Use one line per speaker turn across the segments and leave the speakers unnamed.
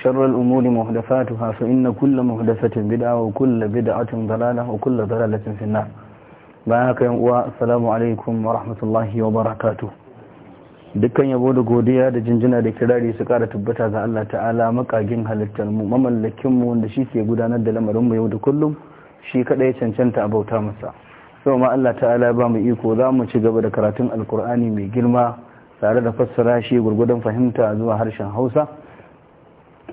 شر الأمور مهدفاتها فإن كل مهدفة بدعة وكل بدعة ضلالة وكل ضلالة في النار بارك السلام عليكم ورحمة الله وبركاته dukkan yabo da godiya da jinjina da kirari su kara tabbata ga Allah ta'ala makagin halittar mu mamallakin mu wanda shi ke gudanar da lamarin mu yau da kullum shi kadai cancanta a bauta masa sau ma Allah ta'ala ba mu iko za mu ci gaba da karatun alkur'ani mai girma tare da fassara shi gurgudan fahimta zuwa harshen hausa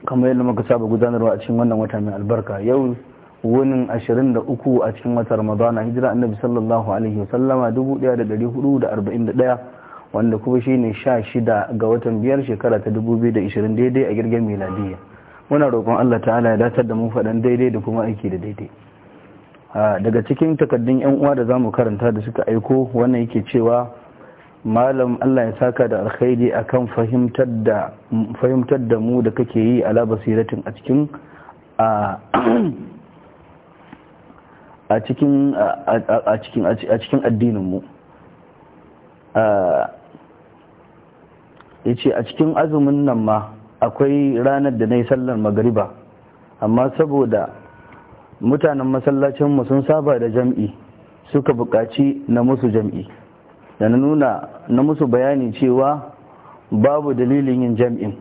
kamar yadda muka saba gudanarwa a cikin wannan wata mai albarka yau wunin 23 a cikin watan ramadana hijira annabi sallallahu alaihi wasallama 1441 wanda kuma ne 16 ga watan biyar shekara ta 2020 daidai a girgin miladiya muna roƙon Allah ta'ala ya datar da mu faɗan daidai da kuma aiki da daidai ah, daga cikin takaddun yan uwa da zamu karanta da suka aiko wannan yake cewa malam Allah ya saka da alkhairi akan fahimtar da fahimtar da mu da kake yi ala basiratin a cikin a cikin a cikin a cikin addinin mu yace a cikin azumin nan ma akwai ranar da nayi sallar magariba amma saboda mutanen masallacin mu sun saba da jam'i suka buƙaci na musu jam'i da na nuna na musu bayani cewa babu dalilin yin jam'in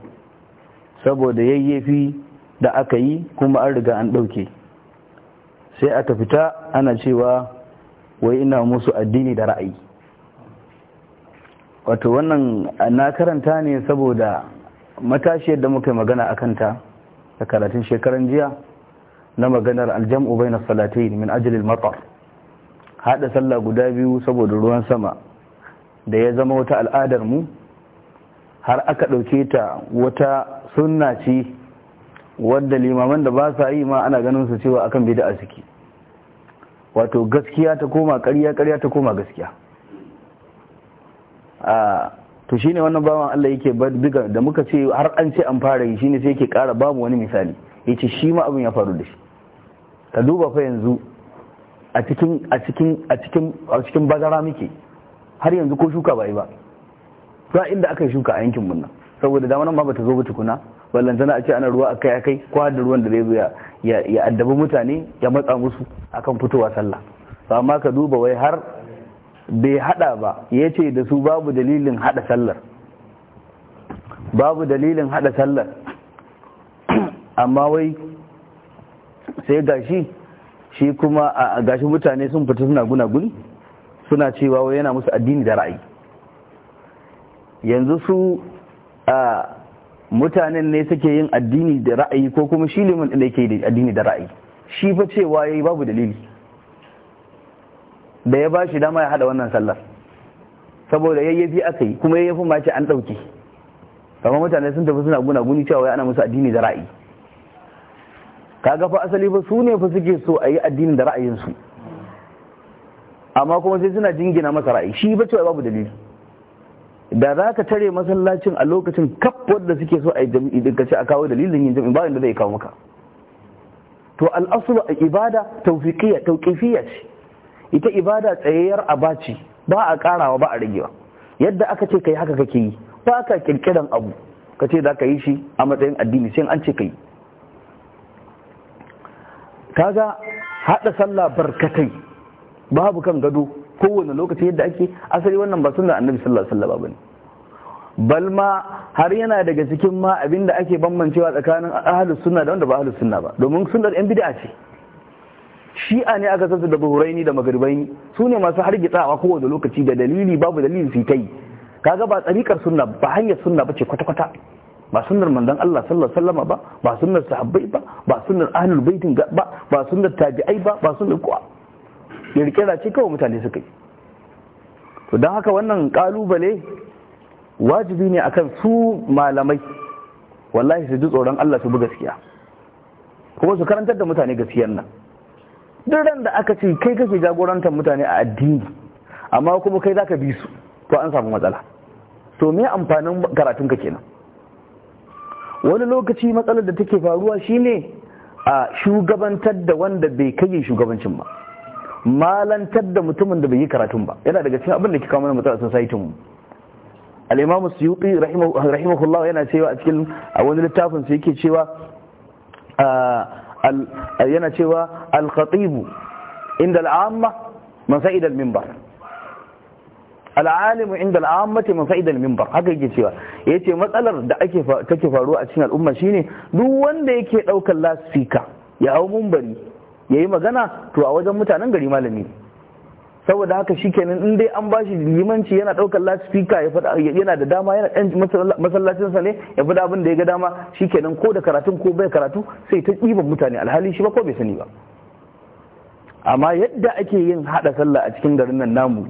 saboda yayyafi da aka yi kuma an riga an ɗauke sai aka fita ana cewa wai ina musu addini da ra'ayi wato wannan na karanta ne saboda matashiyar da muka magana a kanta da karatun shekaran jiya na maganar aljam'u bai na salatai min ajalil matar haɗa sallah guda biyu saboda ruwan sama da ya zama wata al'adar mu har aka ɗauke ta wata sunna ce wadda limaman da ba sa yi ma ana ganin su cewa akan bid'a suke wato gaskiya ta koma ƙarya ƙarya ta koma gaskiya a to shine wannan bawan Allah yake biga da muka ce har an ce an fara yi shine sai yake ƙara babu wani misali yace shi ma abin ya faru da shi ka duba fa yanzu a cikin a cikin a cikin a cikin bazara muke har yanzu ko shuka ba yi ba za inda aka yi shuka a yankin mun nan saboda damanan ma bata zo ba tukuna ballantana a ce ana ruwa akai akai ko har da ruwan da zai zo ya addabi mutane ya matsa musu akan fitowa sallah ba ma ka duba wai har bai hada ba ya ce da su babu dalilin hada sallar babu dalilin hada sallar amma wai sai gashi shi kuma a gashi mutane sun fita suna guna guni suna cewa wai yana musu addini da ra'ayi yanzu su a mutanen ne suke yin addini da ra'ayi ko kuma shi liman da yake addini da ra'ayi shi fa cewa yayi babu dalili da ya bashi dama ya hada wannan sallar saboda yayyafi aka yi kuma yayyafi ma ce an dauke kamar mutane sun tafi suna guna guni cewa ana musu addini da ra'ayi kaga fa asali fa su ne fa suke so a yi addini da ra'ayinsu amma kuma sai suna jingina masa ra'ayi shi ba cewa babu dalili da za ka tare masallacin a lokacin kaf wadda suke so a yi jam'i din ce a kawo dalilin yin jami'i ba da zai kawo maka to al'asulu a ibada tawfiqiyya tawqifiyya ce ita ibada tsayayyar abaci ba a karawa ba a ragewa yadda aka ce kai haka kake yi ba ka kirkiran abu ka ce za ka yi shi a matsayin addini sai an ce kai kaga hada sallah barkatai babu kan gado kowane lokaci yadda ake asali wannan ba suna annabi sallallahu alaihi wasallam ba ne. Balma har yana daga cikin ma abinda ake bambancewa tsakanin ahlus sunna da wanda ba ahlus sunna ba domin sunnar yan bid'a ce shi'a ne aka san su da buhuraini da magribaini su ne masu hargitsawa kowane lokaci da dalili babu dalili su kai kaga ba tsarikar sunna ba hanyar sunna ba ce kwata-kwata ba sunnar manzon Allah sallallahu alaihi wasallam ba ba sunnar sahabbai ba ba sunnar ahlul baitin ba ba sunnar tabi'ai ba ba sunnar kowa kirkira ce kawai mutane suka yi to don haka wannan kalubale wajibi ne akan su malamai wallahi su ji tsoron Allah su bi gaskiya kuma su karantar da mutane gaskiyar nan duk ran da aka ce kai kake jagorantar mutane a addini amma kuma kai zaka bi su to an samu matsala to me amfanin karatun ka kenan wani lokaci matsalar da take faruwa shine a shugabantar da wanda bai kai shugabancin ba malantar da mutumin da bai yi karatun ba yana daga cikin abin da ke kawo mana matsala society tun. al-imam suyuti rahimahullah yana cewa a cikin a wani littafin su yake cewa ah, yana cewa al-khatib inda al-amma man sa'id al-minbar al-alim inda al-ammati man sa'id al-minbar haka yake cewa yace matsalar da ake take faruwa a cikin al'umma shine duk wanda yake daukar lasfika ya hau munbari ya yi magana to a wajen mutanen gari malami saboda haka shikenan in dai an bashi limanci yana daukar lasifika ya fada yana da dama yana ɗan masallacin sa ne ya fada abin da ya ga dama shikenan ko da karatun ko bai karatu sai ta ɗiban mutane alhali shi ba ko bai sani ba amma yadda ake yin haɗa sallah a cikin garin nan namu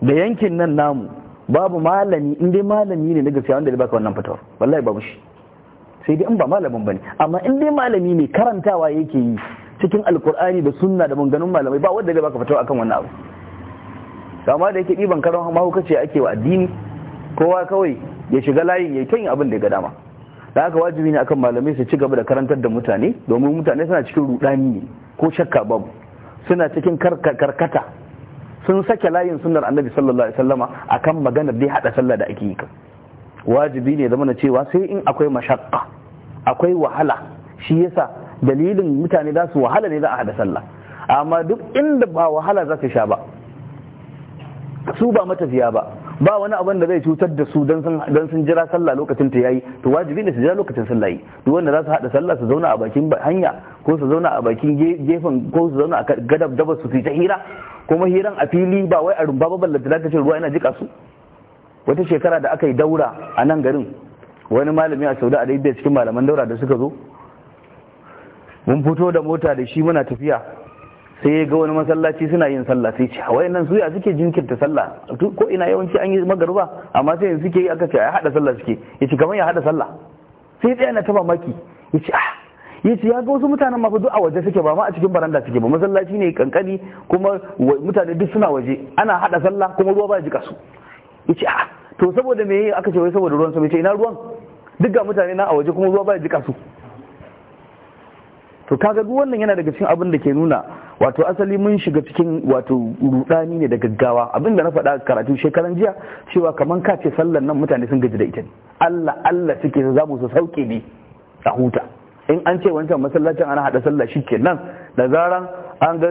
da yankin nan namu babu malami in dai malami ne na gaskiya wanda ya baka wannan fatawar wallahi babu shi sai dai in ba malamin bane amma in dai malami ne karantawa yake yi cikin alkur'ani da sunna da manganun malamai ba wanda zai baka fatawa akan wannan abu amma da yake ɗiban karon mahaukaci ake wa addini kowa kawai ya shiga layin ya yi abin da ya ga dama da haka wajibi ne akan malamai su ci gaba da karantar da mutane domin mutane suna cikin rudani ne ko shakka babu suna cikin karkata sun sake layin sunnar annabi sallallahu alaihi wasallama akan maganar da hada sallah da ake yi wajibi ne zama na cewa sai in akwai mashakka akwai wahala shi yasa dalilin mutane za su wahala ne za a hada sallah amma duk inda ba wahala za su sha ba su ba matafiya ba ba wani abin da zai cutar da su don sun jira sallah lokacin ta yayi to wajibi ne su jira lokacin sallah yi duk wanda za su hada sallah su zauna a bakin hanya ko su zauna a bakin gefen ko su zauna a gadab daba su ta hira kuma hiran a fili ba wai a rumba ba ballanta da ce ruwa yana jika su wata shekara da aka yi daura a nan garin wani malami a saudi arabia cikin malaman daura da suka zo mun fito da mota da shi muna tafiya sai ya ga wani masallaci suna yin sallah sai ce wai nan suya suke jinkirta sallah ko ina yawanci an yi magaruba amma sai yanzu suke yi aka ce ya hada sallah suke ya ce kamar ya hada sallah sai tsaya na taba maki ya ce ah ya ce ya ga wasu mutanen ma duk a waje suke ba ma a cikin baranda suke ba masallaci ne kankani kuma mutane duk suna waje ana hada sallah kuma ruwa ba ya jika su ya ce ah to saboda me aka ce wai saboda ruwan sama ya ce ina ruwan duk ga mutane na a waje kuma ruwa ba ya jika su to kaga duk wannan yana daga cikin abin da ke nuna wato asali mun shiga cikin wato rudani ne da gaggawa abin da na faɗa karatu shekaran jiya cewa kamar ka ce sallar nan mutane sun gaji da ita ne Allah Allah suke za mu su sauke ne a huta in an ce wancan masallacin ana hada sallah shikenan da zaran an ga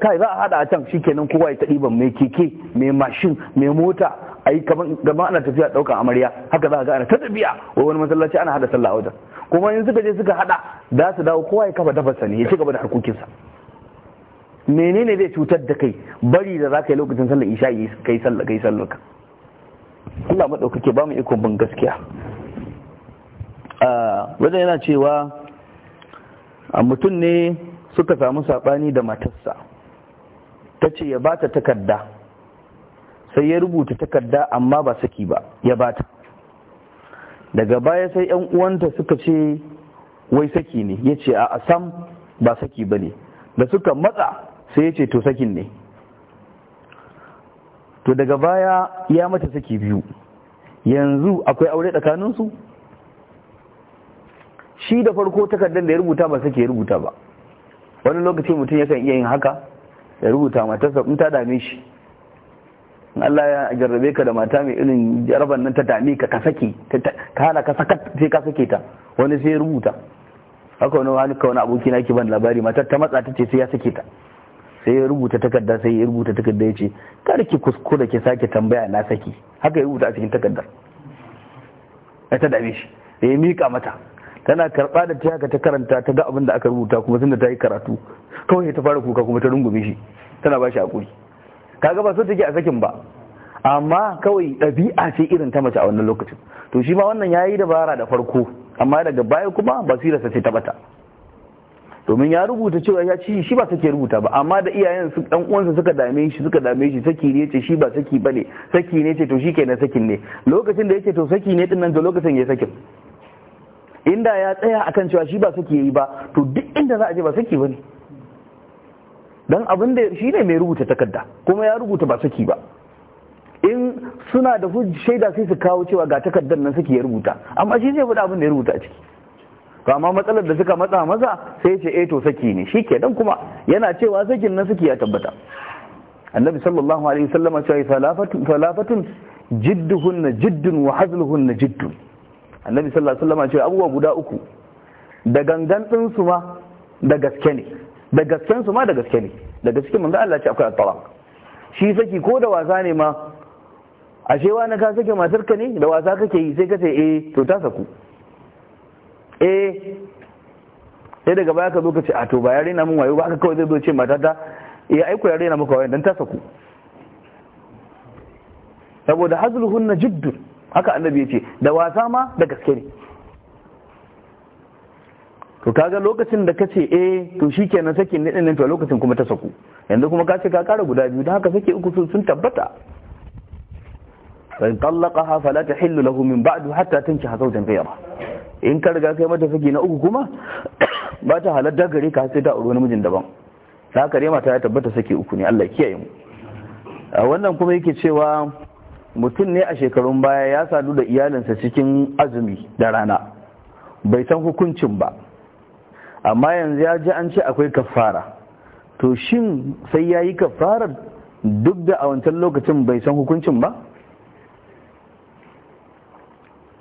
kai za a hada a can shikenan kowa ya ta ɗiban mai keke mai mashin mai mota ai kaman gaba ana tafiya daukan amarya haka za ga ana ta tafiya wai wani masallaci ana hada sallah a wajen kuma in suka je suka hada za su dawo kowa ya kafa dafa sani ya ci gaba da harkokinsa menene zai cutar da kai bari da za ka yi lokacin sallar isha yi kai sallar kai sallar ka Allah madaukake ba mu ikon bin gaskiya wajen yana cewa a mutum ne suka samu sabani da matarsa ta ce ya bata takarda sai ya rubuta takarda amma ba saki ba ya bata daga baya sai yan uwanta suka ce wai saki ne ya ce a sam ba saki ba ne da suka matsa sai ya ce to sakin ne to daga baya ya mata saki biyu yanzu akwai aure tsakaninsu shi da farko takardar da ya rubuta ba sake ya rubuta ba wani lokaci mutum yakan iya yin haka ya rubuta matarsa in ta dame shi Allah ya jarrabe ka da mata mai irin jaraban nan ta dame ka sake ka hana ka saka sai ka sake ta wani sai rubuta haka wani wani ka wani aboki na ke ban labari matar ta matsa ta ce sai ya sake ta sai ya rubuta takarda sai ya rubuta takarda ya ce kada ki kuskura ki sake tambaya na saki haka ya rubuta a cikin takardar ya ta dame shi ya yi miƙa mata tana karɓa da ta haka ta karanta ta ga abin da aka rubuta kuma tunda ta yi karatu kawai ta fara kuka kuma ta rungume shi tana ba shi haƙuri kaga ba su take a sakin ba amma kawai ɗabi'a ce irin ta mace a wannan lokacin to shi ma wannan yayi dabara da farko amma daga baya kuma basirarsa ce ta bata domin ya rubuta cewa ya ci shi ba sake rubuta ba amma da iyayen su dan uwansa suka dame shi suka dame shi saki ne ce shi ba saki bane saki ne ce to shi kenan sakin ne lokacin da yake to saki ne din nan da lokacin ya sakin inda ya tsaya akan cewa shi ba saki yayi ba to duk inda za a je ba saki bane don abin da shi ne mai rubuta takarda kuma ya rubuta ba saki ba in suna da shaida sai su kawo cewa ga takardar nan suke ya rubuta amma shi zai faɗa abin da ya rubuta a ciki to amma matsalar da suka matsa maza sai ce eh to saki ne shi ke don kuma yana cewa sakin nan suke ya tabbata annabi sallallahu alaihi wasallama cewa salafatun salafatun na jiddun wa na jiddun annabi sallallahu alaihi wasallama cewa abubuwa guda uku da gangan din ma da gaske ne da gasken su ma da gaske ne Daga cikin manzo Allah ce akwai at-talaq shi saki ko da wasa ne ma ashe wa na ka saki matar ka ne da wasa kake yi sai ka ce eh to ta saku eh sai daga baya ka zo ka ce a to ba ya rena min wayo ba aka kawai zai zo ce ta eh ai ku ya rena maka wayo dan ta saku saboda hazluhunna jiddun haka annabi ya ce da wasa ma da gaske ne to kaga lokacin da ce eh to shikenan sake ne nan to lokacin kuma ta saku yanzu kuma ka ce ka kara guda biyu don haka sake uku sun tabbata in tallaqaha fala tahillu lahu min ba'du hatta ha zawjan bayra in ka riga kai mata saki na uku kuma ba ta halatta gare ka sai ta aure namijin daban ka rema mata ya tabbata sake uku ne Allah kiyaye mu a wannan kuma yake cewa mutum ne a shekarun baya ya sadu da iyalinsa cikin azumi da rana bai san hukuncin ba amma yanzu ya ji an ce akwai kafara to shin sai ya yi kafarar duk da a wancan lokacin bai san hukuncin ba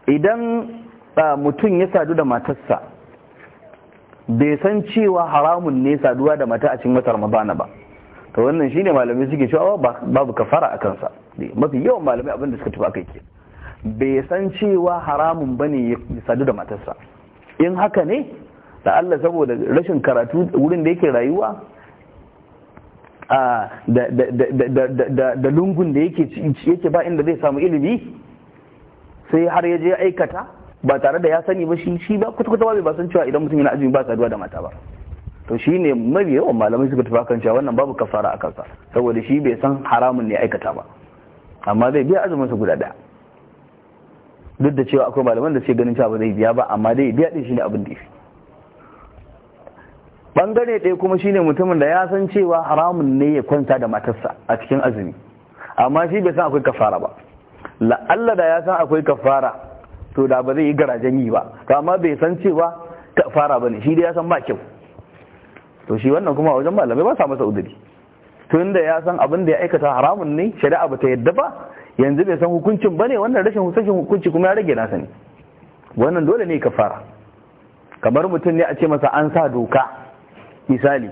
idan mutum ya sadu da matarsa bai san cewa haramun ne saduwa da mata a cikin wata mabana ba to wannan shine malamai suke cewa babu kafara a kansa mafi yawan malamai abinda suka tuba kai ke bai san cewa haramun bane ya sadu da matarsa in haka ne da Allah saboda rashin karatu wurin da yake rayuwa da lungun da yake ba inda zai samu ilimi sai har ya je aikata ba tare da ya sani ba shi shi ba kwata-kwata ba ba san cewa idan mutum yana azumi ba saduwa da mata ba to shi ne mabi yawan malamai suka tafi kan cewa wannan babu kafara a kansa saboda shi bai san haramun ne aikata ba amma zai biya azumin su guda daya duk da cewa akwai malaman da suke ganin cewa ba zai biya ba amma dai biya din shi ne abin da ya fi bangare ɗaya kuma shine mutumin da ya san cewa haramun ne ya kwanta da matarsa a cikin azumi amma shi bai san akwai kafara ba la'alla da ya san akwai kafara to da ba zai yi garajen yi ba to amma bai san cewa kafara ne shi dai ya san ba kyau to shi wannan kuma wajen malamai ba sa masa udiri tun da ya san abin da ya aikata haramun ne shari'a ba ta yadda ba yanzu bai san hukuncin ba ne wannan rashin hukuncin hukunci kuma ya rage nasa ne wannan dole ne kafara kamar mutum ne a ce masa an sa doka misali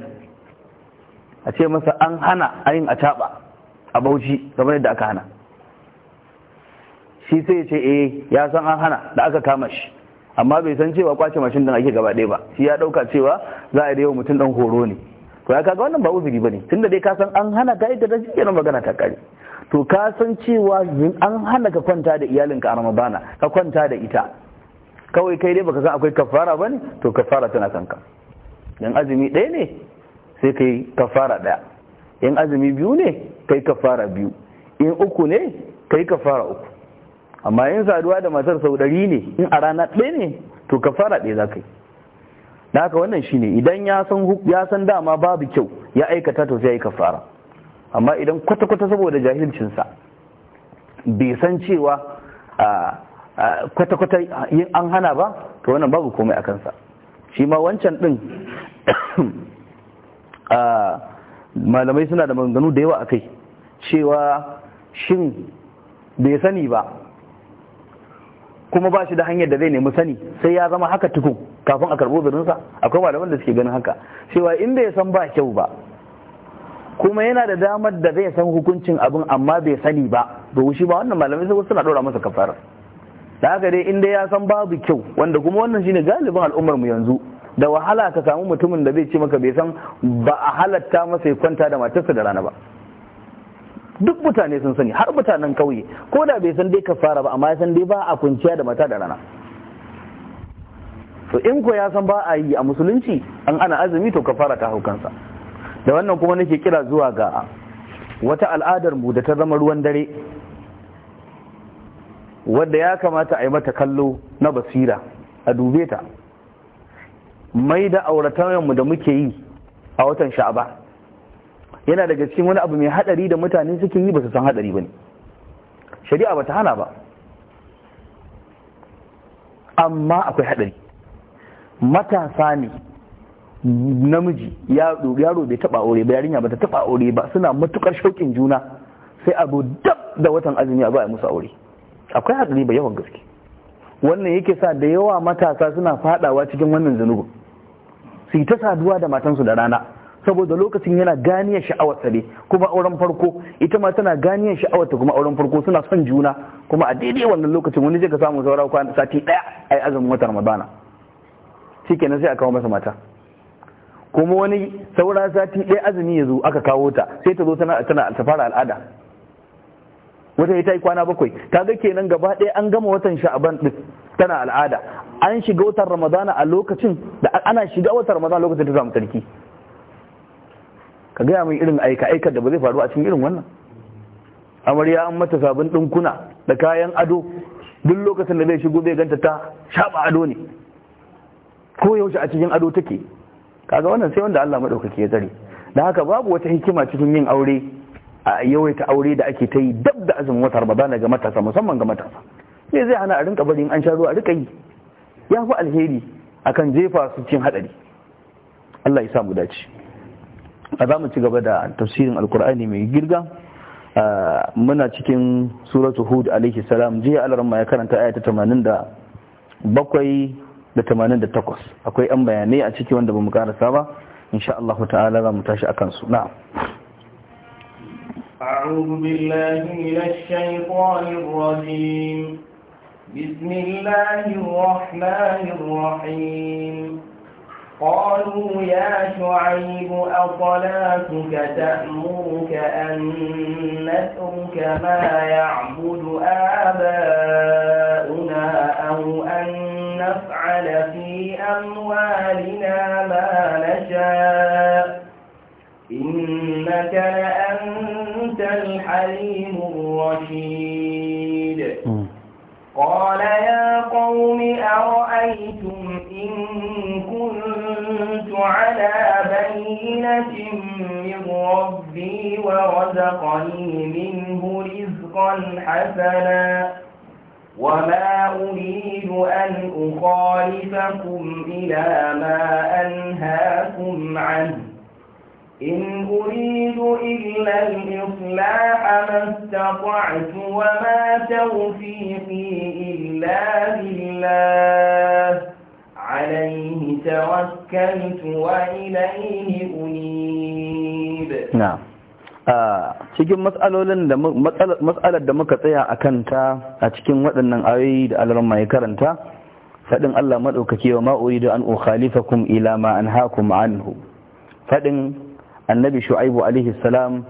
a ce masa an hana ayin a caɓa a bauchi kamar yadda aka hana shi sai ya ce e, ya san an hana da aka kama shi amma bai san cewa kwace mashin da ake gaba ɗaya ba shi ya ɗauka cewa za a yawa mutum ɗan horo ne to ya kaga wannan ba uzuri tun tunda dai ka san an hana ka yadda take kenan magana ta kare to ka san cewa an hana ka kwanta da iyalinka a Ramadana ka kwanta da ita kawai kai dai baka san akwai kafara ba ne? to kafara tana kanka in azumi ɗaya ne sai kai kafara ɗaya in azumi biyu ne kai kafara biyu in uku ne kai kafara uku amma in saduwa da matar sau ɗari ne in a rana ɗaya ne to kafara ɗaya za ka yi da haka wannan ne idan ya san dama babu kyau ya aikata to sai ya yi kafara amma idan kwata-kwata saboda jahilcinsa bai san cewa ah, ah, kwata-kwata an hana ba to wannan babu komai a kansa shi ma wancan din malamai suna da maganganu da yawa a kai cewa shin bai sani ba kuma ba shi da hanyar da zai nemi sani sai ya zama haka tukun kafin a karɓo birinsa akwai malaman da suke ganin haka cewa in bai san ba kyau ba kuma yana da damar da zai san hukuncin abin amma bai sani ba ba wushi ba wannan malamai suna dora masa kafara da haka dai inda ya san babu kyau wanda kuma wannan shine galibin al'ummar mu yanzu da wahala ka samu mutumin da zai ce maka bai san ba a halatta masa ya kwanta da matarsa da rana ba duk mutane sun sani har mutanen kauye ko da bai san dai ka fara ba amma ya san dai ba a kwanciya da mata da rana to in ko ya san ba a yi a musulunci an ana azumi to ka fara ta haukansa da wannan kuma nake kira zuwa ga wata al'adar mu da ta zama ruwan dare wadda ya kamata a yi mata kallo na basira a dube ta mai da auratayenmu da muke yi a watan sha'aba yana daga cikin wani abu mai hadari da mutane suke yi ba su san hadari ba ne shari'a ba ta hana ba amma akwai hadari matasa ne namiji yaro bai taba aure ba yarinya ba ta taba aure ba suna matukar shaukin juna sai abu dab da watan azumi a ba a musu aure akwai hatsari ba yawan gaske wannan yake sa da yawa matasa suna fadawa cikin wannan zunubin su yi ta saduwa da matansu da rana saboda lokacin yana ganiyar sha'awar sare, kuma auren farko ita ma tana ganiyar sha'awar ta kuma auren farko suna son juna kuma a daidai wannan lokacin wani zai ka samu saura kwana sati daya a yi azumin watan ramadana shikenan sai a kawo masa mata kuma wani saura sati daya azumi ya zo aka kawo ta sai ta zo tana ta fara al'ada wata ita yi kwana bakwai kaga kenan gaba ɗaya an gama watan sha'aban ɗin tana al'ada an shiga watan ramadana a lokacin da ana shiga watan ramadana lokacin ta samu sarki ka gaya min irin aika aikar da ba zai faru a cikin irin wannan amarya an mata sabon ɗinkuna da kayan ado duk lokacin da zai shigo zai ganta ta shaɓa ado ne ko yaushe a cikin ado take kaga wannan sai wanda Allah maɗaukaki ya tsare da haka babu wata hikima cikin yin aure a yawaita aure da ake ta yi dab da azumin wata ramadana ga matasa musamman ga matasa me zai hana a rinka barin an sha ruwa a rika yi ya fi alheri akan jefa su cin hadari Allah ya samu dace a za mu ci gaba da tafsirin alkur'ani mai girga muna cikin suratu hud alaihi salam jiya ma ya karanta aya ta 87 da 88 akwai an bayanai a ciki wanda ba mu karasa ba insha Allah ta'ala za mu tashi akan su na'am
أعوذ بالله من الشيطان الرجيم بسم الله الرحمن الرحيم قالوا يا شعيب أصلاتك تأمرك أن نترك ما يعبد آباؤنا أو أن نفعل في أموالنا ما نشاء إنك لأنت الحليم الرشيد قال يا قوم أرأيتم إن كنت على بينة من ربي ورزقني منه رزقا حسنا وما أريد أن أخالفكم إلى ما أنهاكم عنه إن أريد إلا الإصلاح ما استطعت وما توفيقي إلا بالله عليه توكلت وإليه أنيب نعم
cikin matsalolin da matsalar da muka tsaya a kanta a cikin waɗannan ayoyi da alaran mai karanta faɗin Allah maɗaukaki wa ma'uri da an ila ma anhaakum anhu faɗin annabi shu'aibu alaihi salam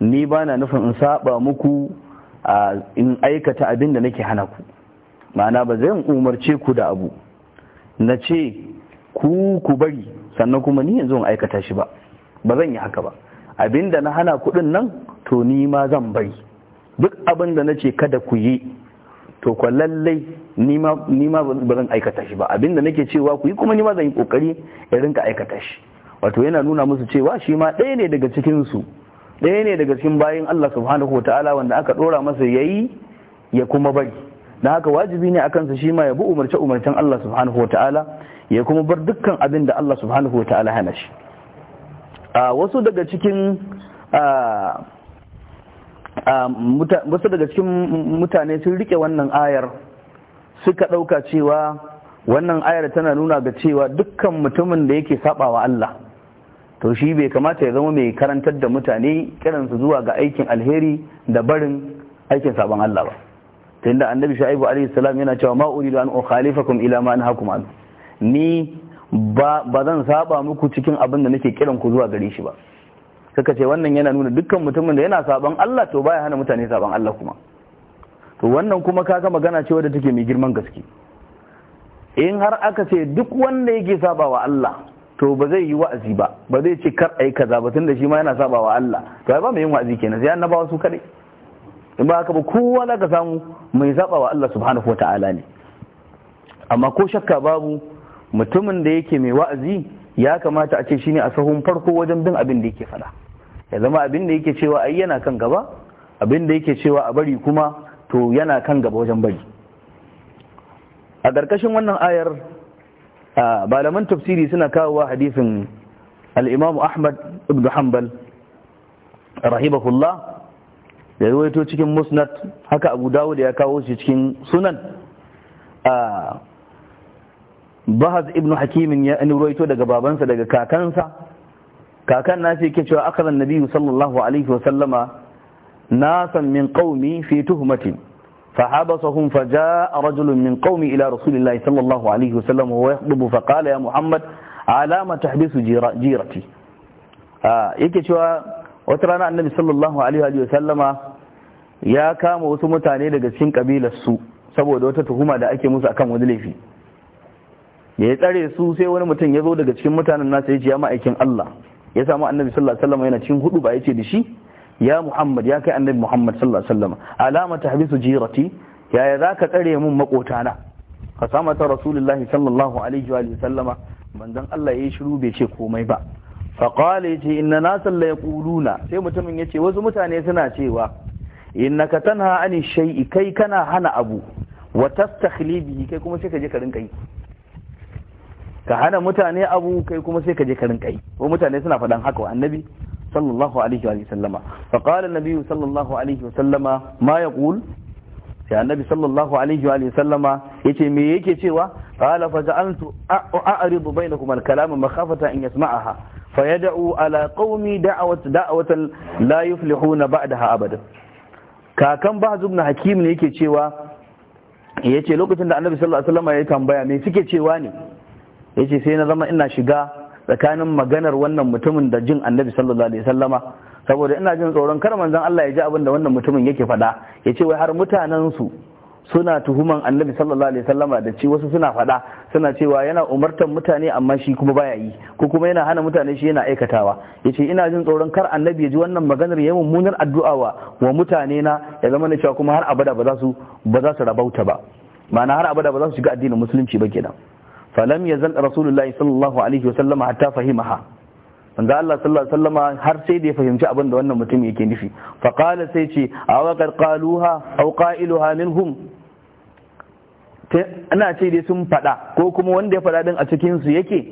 ni bana nufin in saba muku in aikata abin da nake hana ku ma'ana ba zan umarce ku da abu na ce ku ku bari sannan kuma ni yanzu in aikata shi ba ba zan yi haka ba abin da na hana kuɗin nan to ni ma zan bari duk abin da na ce kada ku yi to kwa lallai ni ma ba zan aikata shi ba abin da nake cewa ku yi kuma ni ma zan yi ƙoƙari in rinka aikata shi wato yana nuna musu cewa shi ma ɗaya ne daga cikinsu. ɗaya ne daga cikin bayan Allah subhanahu wa ta'ala wanda aka ɗora masa ya yi ya kuma bari na haka wajibi ne a kansa shi ma ya bi umarce umarcen Allah subhanahu wa ta'ala ya kuma bar dukkan abin da Allah subhanahu wa ta'ala hana shi wasu daga cikin wasu daga cikin mutane sun rike wannan ayar suka ɗauka cewa wannan ayar tana nuna ga cewa dukkan mutumin da yake saɓawa Allah to shi bai kamata ya zama mai karantar da mutane kiransu zuwa ga aikin alheri da barin aikin sabon Allah ba ta inda annabi sha'ibu alaihi salam yana cewa ma uridu an ukhalifakum ila ma anhaakum an ni ba zan saba muku cikin abin da nake kiran ku zuwa gare shi ba kaka ce wannan yana nuna dukkan mutumin da yana sabon Allah to baya hana mutane sabon Allah kuma to wannan kuma kaga magana ce wadda take mai girman gaske in har aka ce duk wanda yake sabawa Allah to ba zai yi wa'azi ba ba zai ce kar ai kaza ba tunda shi ma yana saba wa Allah to ai ba mai yin wa'azi kenan sai annabawa su kadai in ba haka ba kowa zaka samu mai saba wa Allah subhanahu wataala ne amma ko shakka babu mutumin da yake mai wa'azi ya kamata a ce shine a sahun farko wajen bin abin da yake fada ya zama abin da yake cewa ai yana kan gaba abin da yake cewa a bari kuma to yana kan gaba wajen bari a ƙarƙashin wannan ayar malaman tafsiri suna kawowa hadisin al-Imam Ahmad ibn Hanbal rahimahullah da ruwaito cikin Musnad haka Abu Dawud ya kawo shi cikin Sunan ah, Bahaz ibn Hakim ya ruwaito daga babansa daga kakansa kakan nashi yake cewa akalan nabi sallallahu alaihi wasallama nasan min qaumi fi tuhmatin فحبسهم فجاء رجل من قومي إلى رسول الله صلى الله عليه وسلم ويخضب فقال يا محمد على ما تحبس جيرتي yake cewa wata rana annabi sallallahu alaihi wa sallama ya kama wasu mutane daga cikin kabilar su saboda wata tuhuma da ake musu akan wani laifi da ya tsare su sai wani mutum ya zo daga cikin mutanen nasa ya ce ya ma'aikin Allah ya samu annabi sallallahu alaihi wasallam yana cikin hudu ba ya ce da shi ya muhammad ya kai annabi muhammad sallallahu alaihi wasallam alama tahbisu jirati yaya zaka tsare mun makotana ka sama ta rasulullahi sallallahu alaihi wa sallama manzon Allah yayi shiru bai ce komai ba fa qala yace inna nasan la yaquluna sai mutumin yace wasu mutane suna cewa innaka tanha ani shay'i kai kana hana abu wa tastakhli bihi kai kuma sai ka je ka rinka yi ka hana mutane abu kai kuma sai ka je ka rinka yi ko mutane suna faɗan haka wa annabi صلى الله عليه وآله وسلم فقال النبي صلى الله عليه وسلم ما يقول يا النبي صلى الله عليه وآله وسلم يتي مي يكي تيوا قال فجعلت أعرض بينكم الكلام مخافة أن يسمعها فيدعو على قومي دعوة دعوة لا يفلحون بعدها أبدا kakan ba zubna hakim ne yake cewa yace lokacin da annabi sallallahu alaihi wasallam ya tambaya me suke cewa ne yace sai na zama ina shiga tsakanin maganar wannan mutumin da jin annabi sallallahu alaihi wasallama saboda ina jin tsoron kar manzon Allah ya ji abin da wannan mutumin yake faɗa ya ce wai har mutanen su suna tuhuman annabi sallallahu alaihi wasallama da ci wasu suna faɗa suna cewa yana umartar mutane amma shi kuma baya yi ko kuma yana hana mutane shi yana aikatawa ya ce ina jin tsoron kar annabi ya ji wannan maganar yayin mummunar addu'a wa wa mutane na ya zama na cewa kuma har abada ba za su ba za su rabauta ba ma'ana har abada ba za su shiga addinin musulunci ba kenan falam yazal rasulullahi sallallahu alaihi hatta fahimaha manzo Allah sallallahu alaihi wasallama har sai da ya fahimci abin da wannan mutum yake nufi fa qala sai ce aw qad qaluha aw qailuha minhum ana ce dai sun fada ko kuma wanda ya fada din a cikin su yake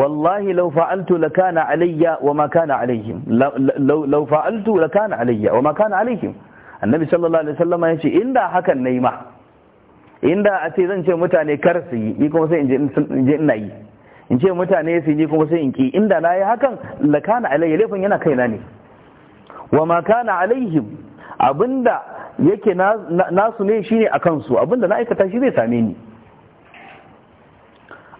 wallahi law fa'altu lakana alayya wa ma kana alaihim law fa'altu lakana alayya wa ma kana alaihim annabi sallallahu alaihi wasallama yace inda hakan nayi ma inda a ce zan ce mutane kar su yi kuma sai in je ina yi in ce mutane su yi kuma sai in ki inda na yi hakan lakana kana laifin yana kaina ne wa ma kana alaihim abinda yake nasu ne shine a kansu abinda na aikata shi zai same ni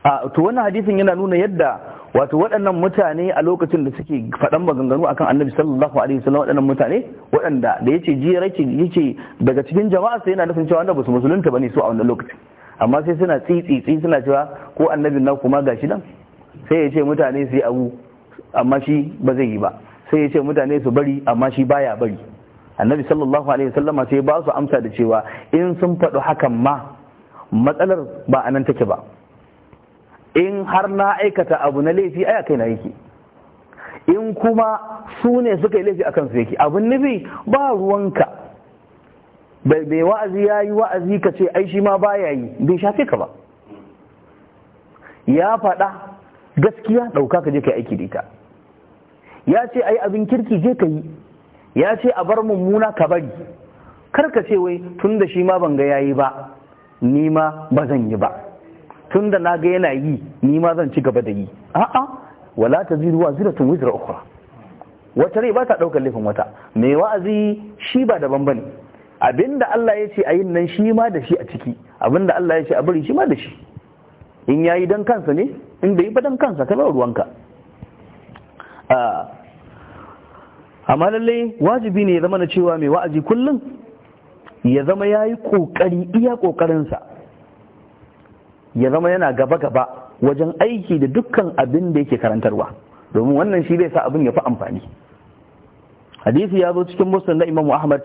a to wannan hadisin yana nuna yadda wato waɗannan mutane a lokacin da suke faɗan maganganu akan annabi sallallahu alaihi wasallam waɗannan mutane waɗanda da yace jiyar yace daga cikin jama'a sai yana nufin cewa wanda su musulunta bane su a wannan lokacin amma sai suna tsitsitsi suna cewa ko annabi na kuma gashi nan sai yace ce mutane su yi abu amma shi ba zai yi ba sai yace ce mutane su bari amma shi baya bari annabi sallallahu alaihi wasallama sai ba su amsa da cewa in sun faɗo hakan ma matsalar ba anan take ba in har na aikata abu na laifi ai kai na yake in kuma su ne suka yi laifi a kansu yake abin nufi ba ruwanka bai wa'azi ya yi wa'azi ka ce ai shi ma ba ya yi bai shafe ka ba ya faɗa gaskiya ɗauka ka je ka aiki da ita ya ce ai abin kirki je ka yi ya ce a bar mummuna ka bari karka ce wai tun da shi ma ban ga ya yi ba ni ma ba zan yi ba tun da na ga yana yi ni ma zan ci gaba da yi a'a wala ta ziru wa ziratun wizra ukhra wata rai ba ta daukar laifin wata mai wa'azi shi ba daban bane abinda Allah ya ce a yin nan shi ma da shi a ciki abinda Allah ya ce a bari shi ma da shi in yayi dan kansa ne in bai ba dan kansa ka ba ruwanka amma lalle wajibi ne ya zama na cewa mai wa'azi kullum ya zama yayi kokari iya sa ya zama yana gaba-gaba wajen aiki da dukkan abin da yake karantarwa domin wannan shi zai sa abin ya fi amfani hadisi ya zo cikin musulun na imamu ahmad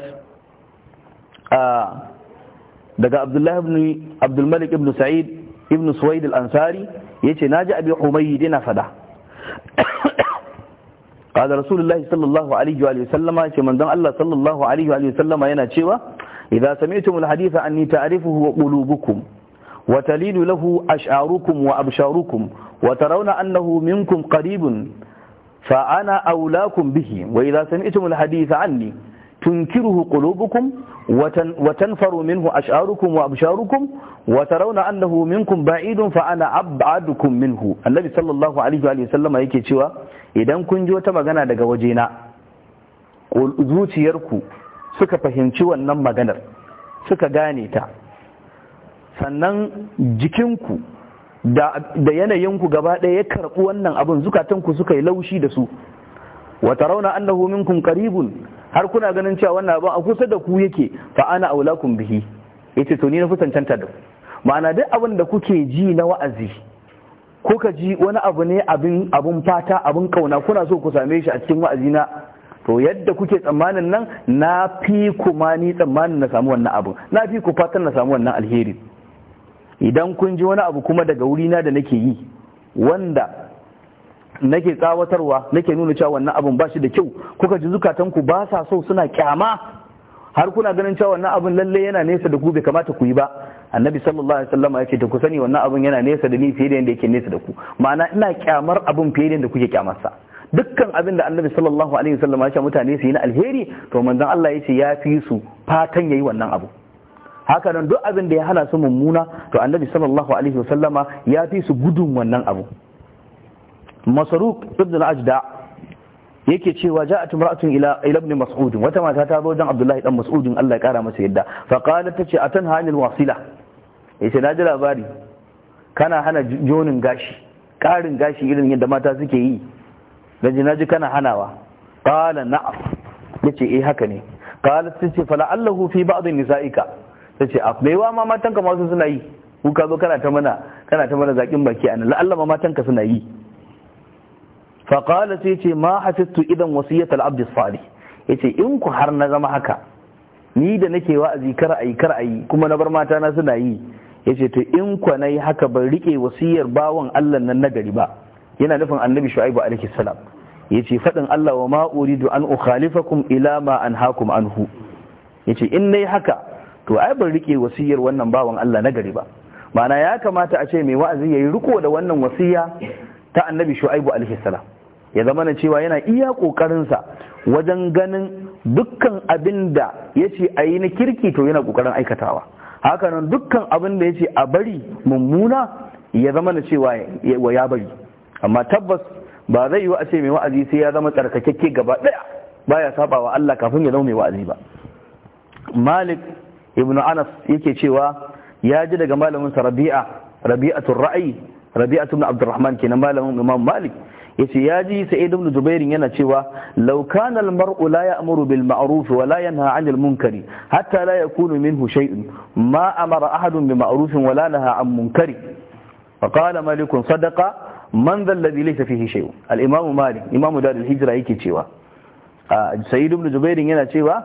daga abdullahi ibn abdulmalik ibn sa'id ibn suwaid al-ansari ya ce na ji abin humayi dina fada قال رسول الله صلى الله عليه وآله وسلم من دان الله صلى الله عليه وآله وسلم ينا cewa إذا سمعتم الحديث أني wa وقلوبكم وتلين له أشعاركم وأبشاركم وترون أنه منكم قريب فأنا أولاكم به وإذا سمعتم الحديث عني تنكره قلوبكم وتنفر منه أشعاركم وأبشاركم وترون أنه منكم بعيد فأنا أبعدكم منه النبي صلى الله عليه وآله وسلم yake cewa idan kun ji wata magana daga wajena zuciyarku suka fahimci wannan maganar suka gane ta sannan jikinku da yanayinku gaba ɗaya ya karɓi wannan abin zukatanku suka yi laushi da su wata rauna annahu minkum qaribun har kuna ganin cewa wannan abin a kusa da ku yake fa ana aulakum bihi yace to ni na canta da ma'ana duk abin da kuke ji na wa'azi Ko ka ji wani abu ne abin abun fata abin kauna kuna so ku same shi a cikin wa'azi na to yadda kuke tsammanin nan na fi kuma ni tsammanin na samu wannan abin na fi ku fatan na samu wannan alherin. idan kun ji wani abu kuma daga wurina da nake yi wanda nake tsawatarwa nake nuna cewa wannan abun ba shi da kyau kuka ji zukatanku ba sa so suna kyama har kuna ganin cewa wannan abun lalle yana nesa da ku bai kamata ku yi ba annabi sallallahu alaihi wasallam ya ce ta ku sani wannan abun yana nesa da ni fiye da yadda yake nesa da ku ma'ana ina kyamar abun fiye da yadda kuke kyamarsa dukkan abin da annabi sallallahu alaihi wasallam ya ce mutane su yi na alheri to manzon Allah ya ce ya fi su fatan yayi wannan abu haka nan duk abin da ya hana su mummuna to annabi sallallahu alaihi wasallama ya fi su gudun wannan abu masaruk ibn al-ajda yake cewa ja'at imra'atun ila ila ibn mas'ud wata mata ta zo wajen abdullahi dan mas'ud Allah ya kara masa yadda fa qalat tace atan hanil wasila yace na ji labari kana hana jonin gashi karin gashi irin yadda mata suke yi gaji naji kana hanawa qala na'am yace eh haka ne qalat tace fa la'allahu fi ba'd nisa'ika ta ce aflewa ah, ma matanka masu suna yi zo kana ta mana kana ta mana zakin baki anan la'alla ma matanka suna yi fa qala sai ce ma idan wasiyatal abd salih yace in ku har na zama haka ni da nake wa'azi kar ayi kar ayi kuma na bar mata na suna yi yace to in ku nayi haka ban rike wasiyar bawan Allah nan na gari ba yana nufin annabi shu'aibu alaihi salam yace fadin Allah wa ma uridu an ukhalifakum ila ma anhaakum anhu yace in nayi haka to ai ban rike wasiyar wannan bawan Allah na gari ba ma'ana ya kamata a ce mai wa'azi yayi riko da wannan wasiya ta annabi shu'aibu alaihi salam ya zama na cewa yana iya kokarin sa wajen ganin dukkan abinda da ya ce na kirki to yana kokarin aikatawa Haka nan dukkan abin da ya a bari mummuna ya zama na cewa ya bari amma tabbas ba zai yi a mai wa'azi sai ya zama tsarkakekke gaba ɗaya baya sabawa Allah kafin ya zama mai wa'azi ba malik ibnu anas yake cewa ya ji daga malamin sa rabi'a rabi'atul ra'i rabi'atu ibn abdurrahman kenan malamin imam malik yace ya ji sa'id ibn jubairin yana cewa law kana al mar'u la ya'muru bil ma'ruf wa la yanha 'anil munkari hatta la yakunu minhu shay'un ma amara ahadun bi ma'ruf wa la naha 'an munkari فقال مالك صدق من ذا الذي ليس al شيء Malik, مالك امام دار الهجره yake cewa ah, sayyid ibn jubairin yana cewa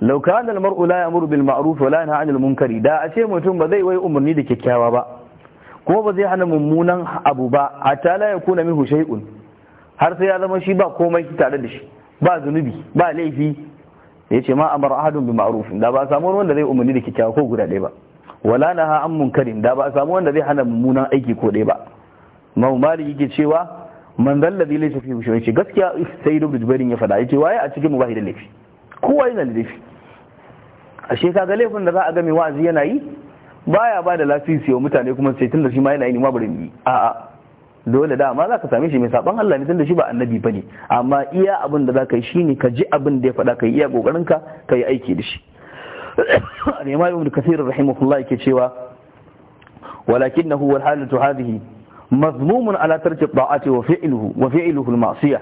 law kana al-mar'u la ya'muru bil ma'ruf wa la yanha 'anil munkari da a ce mutum ba zai wai umarni da kyakkyawa ba kuma ba zai hana mummunan abu ba A hatta la yakuna minhu shay'un har sai ya zama shi ba komai tare da shi ba zunubi ba laifi ya ce ma amara ahadun bi ma'ruf da ba a samu wanda zai umarni da kyakkyawa ko guda ɗaya ba wala naha an munkarin da ba a samu wanda zai hana mummunan aiki ko ɗaya ba mau malik yake cewa man dalla bi laysa fi shay'in gaskiya sai ibn jubairin ya fada yace waye a cikin mubahi da laifi kowa yana da laifi ashe kaga laifin da za a ga mai wa'azi yana yi baya ba da lasisi wa mutane kuma sai tunda shi ma yana yi ma bari yi a'a dole da amma za ka same shi mai saban Allah ne tunda shi ba annabi bane amma iya abin da za ka yi shine ka ji abin da ya faɗa ka yi iya kokarin ka ka yi aiki da shi al-imam ibn kathir rahimahullah yake cewa walakinahu wal halatu hadhihi mazmumun ala tarki da'ati wa fi'luhu wa fi'luhu al-ma'siyah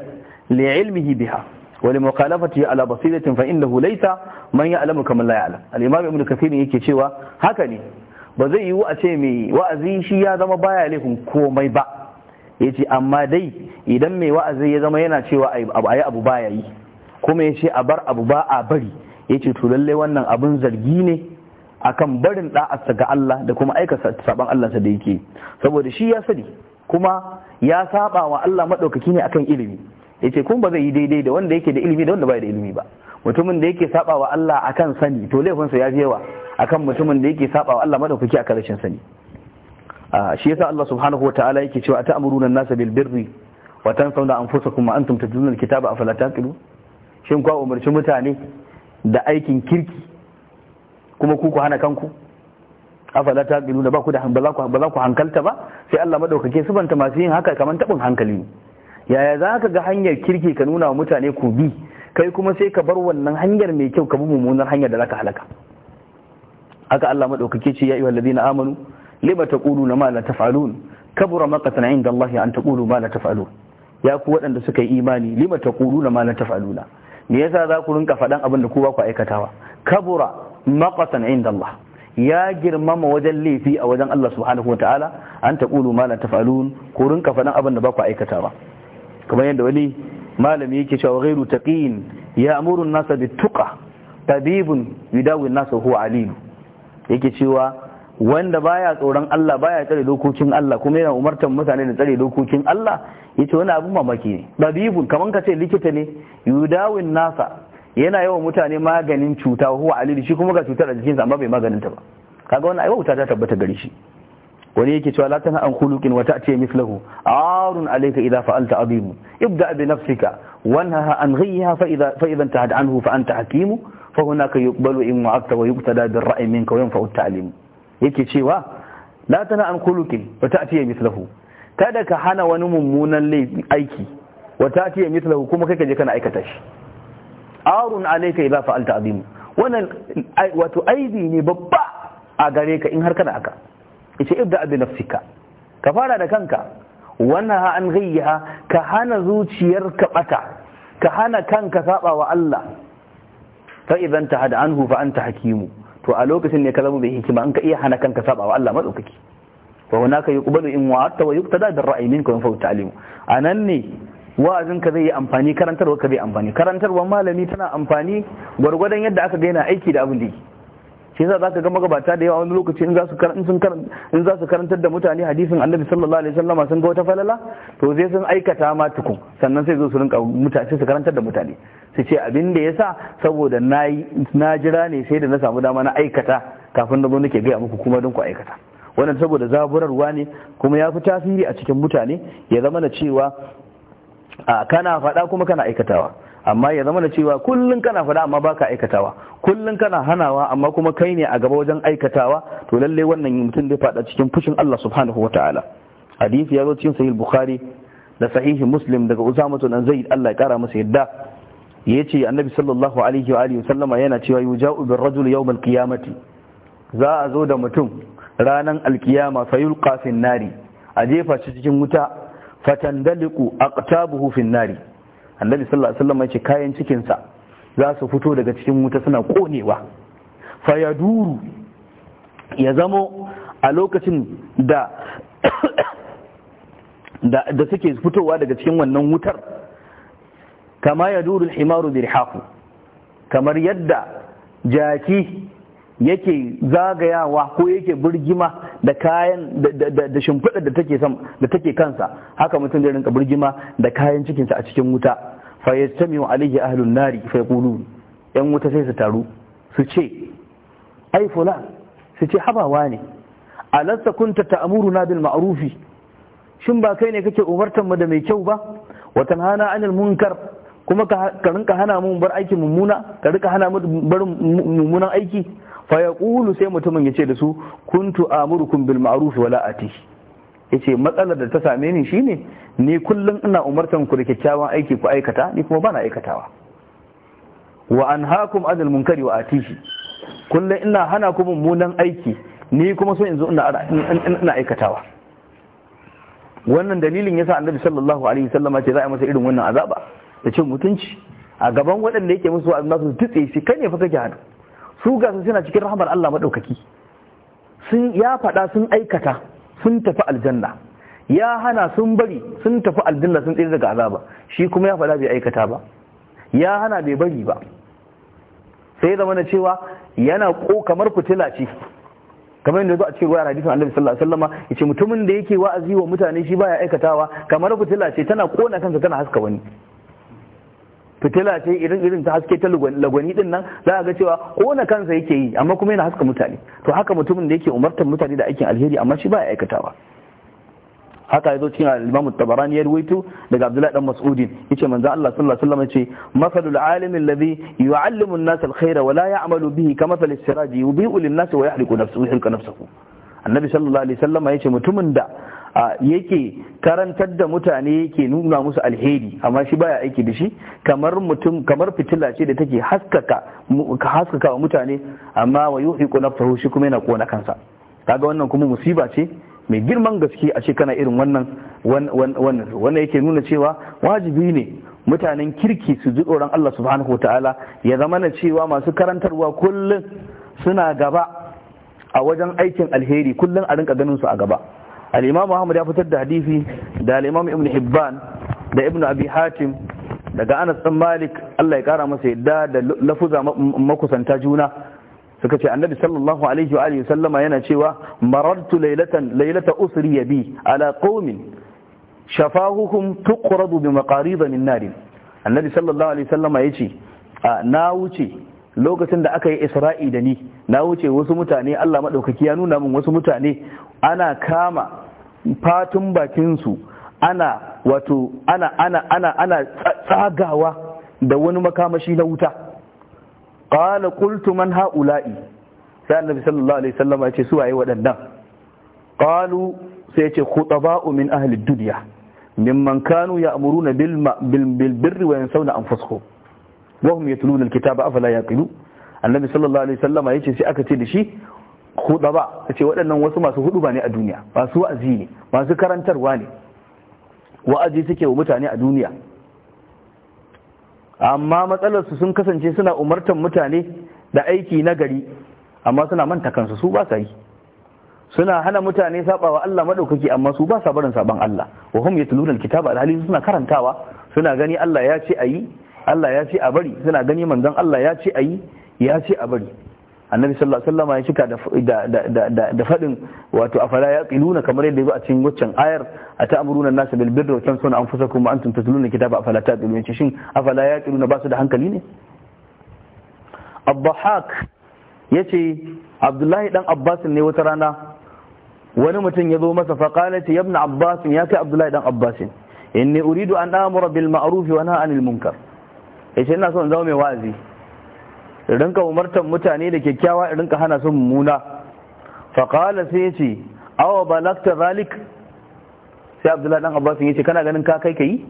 li'ilmihi biha wani mukhalafati ala basiratin fa innahu laysa man ya'lamu kama la ya'lam al-imam ibn kathir yake cewa haka ne ba zai yiwu a ce wa'azi shi ya zama baya laifin komai ba yace amma dai idan mai wa'azi ya zama yana cewa ayi abu baya yi kuma yace a bar abu ba a bari yace to lalle wannan abun zargi ne akan barin da'arsa ga Allah da kuma aika saban Allah sa da yake saboda shi ya sani kuma ya saba wa Allah madaukaki ne akan ilimi yace kun ba zai yi daidai da wanda yake da ilimi da wanda bai da ilimi ba mutumin da yake saba wa Allah akan sani to laifinsa ya fi yawa akan mutumin da yake saba wa Allah madaukaki akan rashin sani shi yasa Allah subhanahu wataala yake cewa ta'muruna an-nasa bil birri wa tansawna anfusakum wa antum tatluna al-kitaba afala taqilun shin kwa umarci mutane da aikin kirki kuma ku ku hana kanku afala taqiluna ba ku da ba za ku hankalta ba sai Allah madaukake subanta masu yin haka kaman tabin hankali ne yaya za ka ga hanyar kirki ka nuna wa mutane ku bi kai kuma sai ka bar wannan hanyar mai kyau ka bi mummunar hanyar da zaka halaka haka Allah madaukake ce ya ayyuhal ladina amanu lima taquluna ma la taf'alun kabura maqatan inda Allah an taqulu ma la taf'alun ya ku waɗanda suka yi imani lima taquluna ma la taf'aluna me yasa za ku rinka faɗan abin da ku ba ku aikatawa kabura maqatan inda Allah ya girmama wajen laifi a wajen Allah subhanahu wataala an taqulu ma la taf'alun ku rinka faɗan abin da ba ku aikatawa kamar yadda wani malami yake cewa ghairu taqin ya amuru nasa bi tuqa tabibun yudawi nasa huwa alim yake cewa wanda baya tsoron Allah baya tsare dokokin Allah kuma yana umartar mutane da tsare dokokin Allah yace wani abu mamaki ne tabibun kaman ka ce likita ne yudawin nasa yana yawan mutane maganin cuta huwa alim shi kuma ga cutar a jikinsa amma bai maganin ta ba kaga wannan ai wuta ta tabbata gare shi wani yake cewa la tanha an khuluqin wa ta'ti mithluhu arun alayka idha fa'alta abim ibda bi nafsika wanha an ghayha fa idha fa idha tahad anhu fa anta hakim fa hunaka yuqbalu in wa'ata wa yuqtada bil ra'i minka wa yanfa'u ta'lim yake cewa la tanha an khuluqin wa ta'ti mithluhu kada ka hana wani mummunan aiki wa ta'ti mithluhu kuma kai ka je kana aikata shi arun alayka idha fa'alta abim wannan wato aibi ne babba a gare ka in har kana aka ita ibda abin nafsika ka fara da kanka wannan ha an gayyaha ka hana zuciyar ka bata ka hana kanka saba wa Allah fa idan ta hada anhu fa anta hakimu to a lokacin ne ka zama mai hikima an ka iya hana kanka saba wa Allah madaukaki wa hunaka yuqbalu in wa'atta wa yuqtada bil ra'yi minkum fa ta'limu anan ne wa'azin ka zai yi amfani karantarwa ka zai amfani karantarwa malami tana amfani gwargwadon yadda aka daina aiki da abin da yake shi yasa zaka ga magabata da yawa wani lokaci in za su karantar da mutane hadisin Annabi sallallahu alaihi wasallam sun ga wata falala to zai sun aikata ma tukun sannan sai zo su rinka mutane su karantar da mutane su ce abin da yasa saboda nayi na jira ne sai da na samu dama na aikata kafin na zo nake gaya muku kuma don ku aikata wannan saboda zaburarwa ne kuma ya fi tasiri a cikin mutane ya zama na cewa kana faɗa kuma kana aikatawa amma ya zama da cewa kullum kana fada amma baka aikatawa kullum kana hanawa amma kuma kai ne a gaba wajen aikatawa to lalle wannan mutum zai fada cikin fushin Allah subhanahu ta'ala. hadisi ya zo cikin sahih bukhari da sahihi muslim daga usama dan zaid Allah ya kara masa yadda yace annabi sallallahu alaihi wa alihi sallama yana cewa yuja'u bir rajul yawm al qiyamati za a zo da mutum ranan alkiyama fayulqa fin nari a jefa shi cikin wuta fatandaliku aqtabuhu fin nari annabi sallallahu alaihi wasallam ya ce kayan cikin sa za su fito daga cikin wuta suna konewa fayaduru ya zamo a lokacin da da suke fitowa daga cikin wannan wutar kama ya duru himaru birhaku kamar yadda jaki yake zagayawa ko yake birgima da kayan da shimfiɗar da take da take kansa haka mutum zai rinka burgima da kayan cikinsa a cikin wuta fa yastamiu alayhi ahlun nari fa yaqulu yan wuta sai su taru su ce ai fulan su ce habawa ne alasta kunta ta'muruna bil ma'rufi shin ba kai ne kake umartar mu da mai kyau ba wa tanhana anil munkar kuma ka rinka hana mu bar aikin mummuna ka rinka hana mu bar mummunan aiki fa ƙulu sai mutumin ya ce da su kuntu amurukum bil ma'ruf wala ati ce matsalar da ta same ni shine ni kullum ina umartan ku da kyakkyawan aiki ku aikata ni kuma bana aikatawa wa an anhaakum anil munkari wa atihi kullum ina hana ku mummunan aiki ni kuma so in zo ina aikatawa wannan dalilin yasa annabi sallallahu alaihi wasallama ce za a masa irin wannan azaba da cin mutunci a gaban waɗanda yake musu wa'azin nasu tutse shi kai ne fa kake hannu su ga suna cikin rahmar Allah maɗaukaki sun ya faɗa sun aikata sun tafi aljanna ya hana sun bari sun tafi aljanna sun tsira daga azaba shi kuma ya faɗa bai aikata ba ya hana bai bari ba sai zama na cewa yana ko kamar fitila ce kamar yadda zo a cikin ruwayar hadisin Annabi sallallahu alaihi wasallam ce mutumin da yake wa'azi wa mutane shi baya aikatawa kamar fitila ce tana kona kansa tana haska wani fitila ce irin irin ta haske ta lagwani din nan za a ga cewa kona kansa yake yi amma kuma yana haska mutane to haka mutumin da yake umartar mutane da aikin alheri amma shi ba ya aikatawa haka ya zo cikin al-Imam tabarani ya ruwaito daga Abdullah dan Mas'udin yace manzo Allah sallallahu alaihi wasallam yace masalul alim alladhi yu'allimu an-nas al-khayra wa la bihi kama fal siraji yubi'u lin-nas wa yahriqu nafsuhu annabi sallallahu alaihi wasallam yace mutumin da yake karantar da mutane yake nuna musu alheri amma shi baya aiki da shi kamar mutum kamar fitila ce da take haskaka haskaka wa mutane amma wa yuhiqu nafsahu shi kuma yana kona kansa kaga wannan kuma musiba ce mai girman gaske a ce kana irin wannan wannan wannan yake nuna cewa wajibi ne mutanen kirki su ji tsoron Allah subhanahu wataala ya zama na cewa masu karantarwa kullum suna gaba a wajen aikin alheri kullum a rinka ganin su a gaba al-imam Ahmad ya fitar da hadisi da al-imam Ibn Hibban da Ibn Abi Hatim daga Anas bin Malik Allah ya kara masa yadda da lafuza makusanta juna suka ce annabi sallallahu alaihi wa alihi sallama yana cewa marartu laylatan laylata usri bi ala qaumin shafahuhum tuqradu bi maqarid min nar annabi sallallahu alaihi sallama yace na wuce lokacin da aka yi isra'i da ni na wuce wasu mutane Allah madaukaki ya nuna min wasu mutane ana kama fatun bakinsu ana wato ana ana ana ana tsagawa da wani makamashi na wuta qala ƙultu man haula'i sai annabi sallallahu alaihi wasallam ya ce su waye waɗannan qalu sai ya ce khutaba'u min ahli dunya mimman kanu ya'muruna bil bil birri wa yansawna anfusahum wa hum yatluna alkitaba afala yaqilu annabi sallallahu alaihi wasallam ya ce sai aka ce da shi huɗa ba ta ce waɗannan wasu masu hudu ba ne a duniya masu wa'azi ne masu karantarwa ne wa'azi suke wa mutane a duniya amma matsalarsu sun kasance suna umartan mutane da aiki na gari amma suna manta kansu su ba sa yi suna hana mutane sabawa Allah maɗaukaki amma su ba sa barin saban Allah wa hum yatluna alkitaba alhali suna karantawa suna gani Allah ya ce ayi Allah ya ce a bari suna gani manzon Allah ya ce ayi ya ce a bari annabi sallallahu alaihi wasallam ya cika da da fadin wato afala yaqiluna kamar yadda yazo a cikin waccan ayar ata'muruna an-nasa bil birri wa tansawna anfusakum wa antum tatluna kitaba afala taqiluna shin afala yaqiluna ba su da hankali ne Abdahak yace Abdullahi dan Abbas ne wata rana wani mutum ya zo masa faqalati ya ibn Abbas ya kai Abdullahi dan Abbas inni uridu an amura bil ma'ruf wa nahy anil munkar yace ina so in zama mai wazi rinka umartan mutane da kyakkyawa rinka hana su mummuna faƙala sai ya ce awa lakta zalik sai abdullahi ɗan abbas ya ce kana ganin ka kai ka yi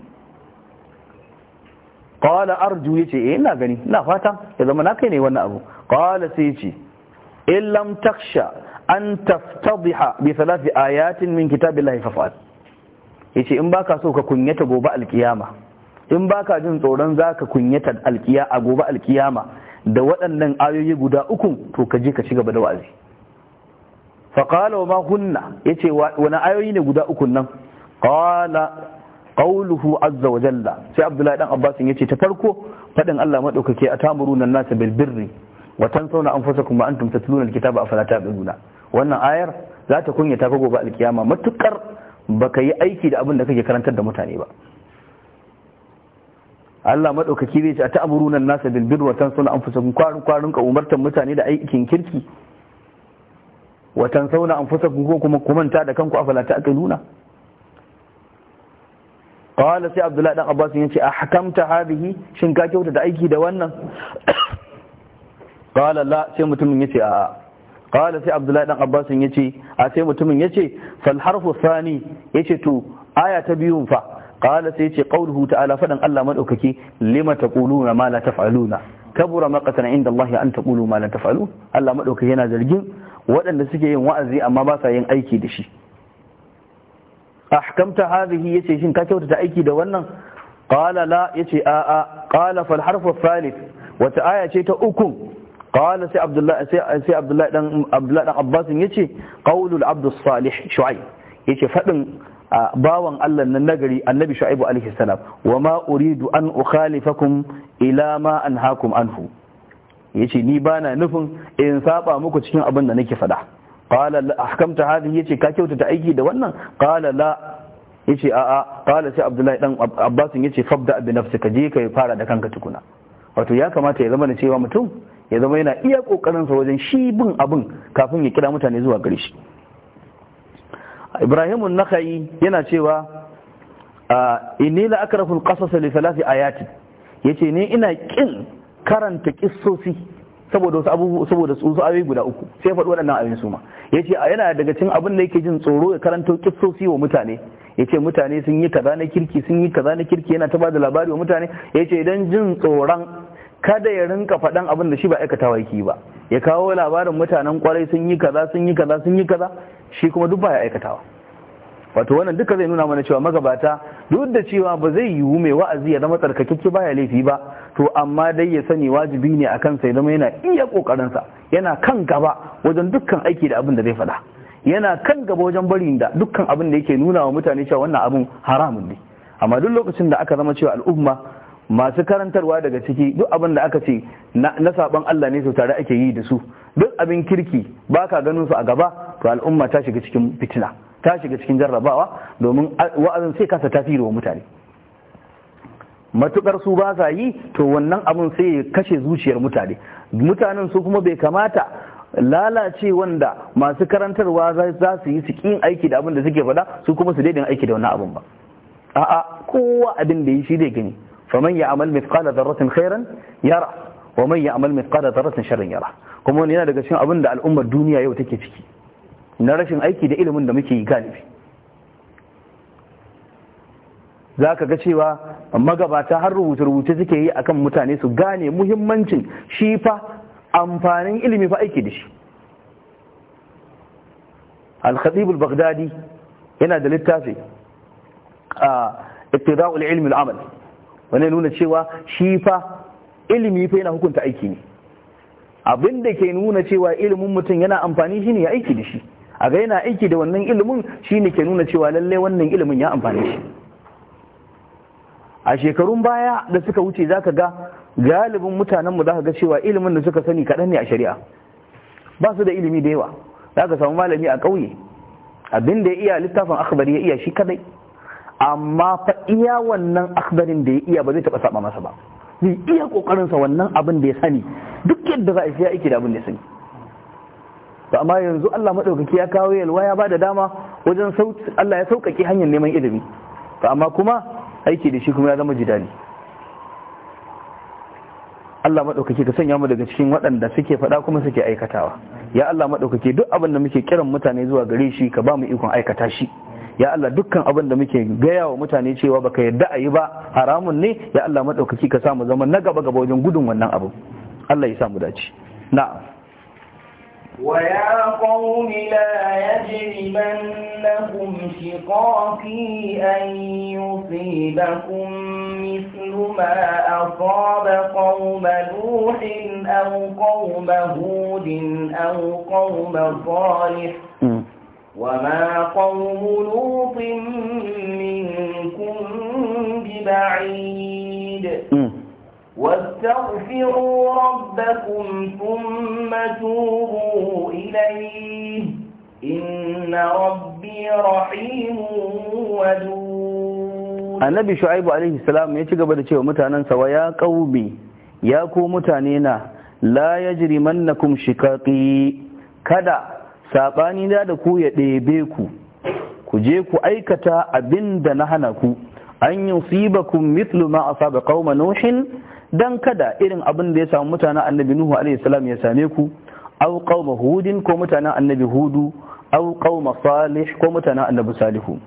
ƙawala arju ya ce eh, ina gani ina fata ya zama na kai ne wannan abu ƙawala sai ya ce in taksha an taftadiha bi salati ayatin min kitabillahi Ya ce in baka so ka kunyata gobe alkiyama in baka jin tsoron za ka kunyata alkiya a gobe alkiyama da waɗannan ayoyi guda uku to ka je ka ci gaba da wa'azi faqala wa ma hunna yace wani ayoyi ne guda uku nan qala qawluhu azza wa jalla sai abdullahi dan abbas yace ta farko faɗin Allah madaukake a an-nasa bil birri wa tansawna anfusakum wa antum tatluna al-kitaba afala ta'qiluna wannan ayar za ta kunyata ka gobe alkiyama matukar baka yi aiki da abin da kake karantar da mutane ba Allah madaukaki zai ce a ta'muruna an-nasa bil birri wa tansawna anfusakum kwarin kwarin ka umartan mutane da aikin kirki wa tansawna anfusakum ko kuma kumanta da kanku afala ta'qiluna qala sai abdullahi dan abbas yace a hakamta hadhihi shin ka kyauta da aiki da wannan qala la sai mutumin yace a'a qala sai abdullahi dan abbas yace a sai mutumin yace fal harfu thani yace to aya ta biyun fa qala sai ce qauluhu ta'ala fadan Allah madaukake lima taquluna ma la taf'aluna kabura maqatan inda Allah an taqulu ma la taf'alu Allah madaukake yana zargin waɗanda suke yin wa'azi amma basa yin aiki da shi ahkamta hadhihi yace shin ka kyautata aiki da wannan qala la yace a a qala fal harfu aya ce ta uku qala sai abdullahi dan abdullahi dan abbas yace qaulul abdus salih yace faɗin. A bawan Allah na nagari annabi shu'aibu alaihi salam wa ma uridu an ukhalifakum ila ma anhaakum anhu yace ni bana nufin in saba muku cikin abin da nake faɗa qala ahkamta hadhi yace ka kyautata aiki da wannan qala la yace a a qala sai abdullahi dan abbas yace fabda bi nafsika je ka fara da kanka tukuna wato ya kamata ya zama da cewa mutum ya zama yana iya kokarin sa wajen shi bin abin kafin ya kira mutane zuwa gare shi ibrahimun naka'i yana cewa inni la akrafu al-qasasa li thalathi ayati yace ne ina kin karanta kissosi saboda wasu abubuwa saboda su abai guda uku sai faɗi waɗannan abin su ma yace yana daga cikin abin da yake jin tsoro ya karanta kissosi wa mutane yace mutane sun yi kaza na kirki sun yi kaza na kirki yana ta da labari wa mutane yace idan jin tsoron kada ya rinka faɗan abin da shi ba aikatawa yake ba ya kawo labarin mutanen kwarai sun yi kaza sun yi kaza sun yi kaza shi kuma duk baya aikatawa wato wannan duka zai nuna mana cewa magabata duk da cewa ba zai yiwu mai wa'azi ya zama tsarkakakke baya laifi ba to amma dai ya sani wajibi ne a kansa ya zama yana iya kokarinsa yana kan gaba wajen dukkan aiki da abin da zai faɗa yana kan gaba wajen bari da dukkan abin da yake nuna wa mutane cewa wannan abin haramun ne amma duk lokacin da aka zama cewa al'umma masu karantarwa daga ciki duk abin da aka ce na saban Allah ne su tare ake yi da su duk abin kirki ba ka ganin su a gaba to al'umma ta shiga cikin fitina ta shiga cikin jarrabawa domin wa'azin sai kasa tasiri wa mutane matukar su ba sa yi to wannan abin sai ya kashe zuciyar mutane mutanen su kuma bai kamata lalace wanda masu karantarwa za su yi su kin aiki da abin da suke faɗa su kuma su daidai aiki da wannan abin ba a'a kowa abin da yi shi dai gani faman ya amal mithqala dharratin khairan yara wa man ya amal mithqala yara kuma wani yana daga cikin abin da al'ummar duniya yau take ciki na rashin aiki da ilimin da muke yi galibi za ka ga cewa magabata har rubuce-rubuce suke yi akan mutane su gane muhimmancin shi fa amfanin ilimi fa aiki da shi al-khatib baghdadi yana da littafi a ittida'ul ilmi al-amal wani nuna cewa shi fa ilimi fa yana hukunta aiki ne abin da ke nuna cewa ilimin mutum yana amfani shi ne ya aiki da shi a ga yana aiki da wannan ilimin shi ne ke nuna cewa lalle wannan ilimin ya amfani shi a shekarun baya da suka wuce za ka ga galibin mutanenmu zaka ga cewa ilimin da suka sani kaɗan ne a shari'a ba su da ilimi da yawa Za ka samu malami a ƙauye abin da ya iya littafin akhbari ya iya shi kadai amma fa iya wannan akhbarin da ya iya ba zai taɓa saba masa ba zai iya ƙoƙarinsa wannan abin da ya sani duk yadda za a ya aiki da abin da ya sani to amma yanzu Allah maɗaukaki ya kawo yalwa ya bada dama wajen Allah ya sauƙaƙe hanyar neman ilimi to amma kuma aiki da shi kuma ya zama jidali Allah maɗaukaki ka sanya mu daga cikin waɗanda suke faɗa kuma suke aikatawa ya Allah maɗaukaki duk abin da muke kiran mutane zuwa gare shi ka ba mu ikon aikata shi ya Allah dukkan abin da muke gaya wa mutane cewa baka yadda a yi ba haramun ne ya Allah madaukaki ka samu zama na gaba gaba wajen gudun wannan abu Allah ya samu dace na'am
ويا قوم لا يجرمنكم شقاقي أن يصيبكم مثل ما أصاب قوم نوح أو قوم هود أو قوم صالح وما قوم لوط منكم ببعيد واستغفروا ربكم ثم توبوا إليه إن ربي رحيم ودود
النبي شعيب عليه السلام يتقبل تشيو متانا سويا قومي يا كو متانينا لا يجرمنكم شقاقي kada saɓani da da ku ya ɗebe ku ku je ku aikata abin da na hana ku an yi ku mitlu ma asaba qauma nuhin dan kada irin abin da ya samu mutanen annabi nuhu alaihi salam ya same ku Au qauma hudin ko mutanen annabi hudu au qauma salih ko mutanen annabi salihu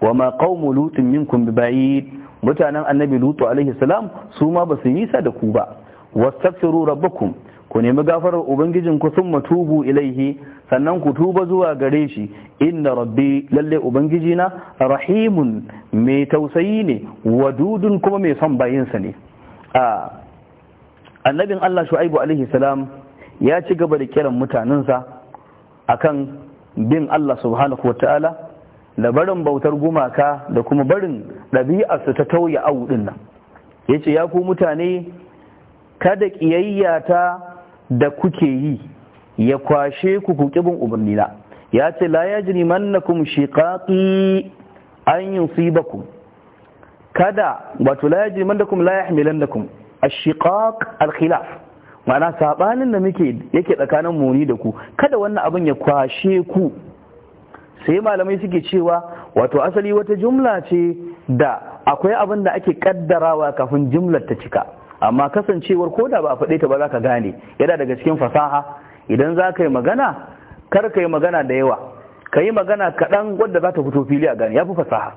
wa ma qaumu lutin minkum bayi mutanen annabi lutu alaihi salam su ma basu nisa da ku ba wastaghfiru rabbakum ku nemi gafarar ubangijin ku sun matubu ilaihi sannan ku tuba zuwa gare shi inda rabbi lalle ubangiji na rahimun mai tausayi ne wadudun kuma mai son bayinsa ne a annabin Allah shu'aibu alaihi salam ya ci gaba da kiran mutanensa akan bin Allah subhanahu wa ta'ala da barin bautar gumaka da kuma barin ɗabi'arsa ta tauya awu ɗin nan ya ce ya ku mutane kada ƙiyayya ta da kuke yi ya kwashe ku ku kibin umarnina ya ce la ya jiri kuma shiqaqi an yusibakum kada wato la ya jiri kuma la yahmilannakum ash-shiqaq al-khilaf ma'ana sabanin da muke yake tsakanin mu ni da ku kada wannan abin ya kwashe ku sai malamai suke cewa wato asali wata jumla ce da akwai abin da ake kaddarawa kafin jumlar ta cika amma kasancewar da ba a faɗe ta ba za ka gane yana daga cikin fasaha idan za ka yi magana kar ka yi magana da yawa ka yi magana kaɗan wadda za ta fito fili a gane ya fi fasaha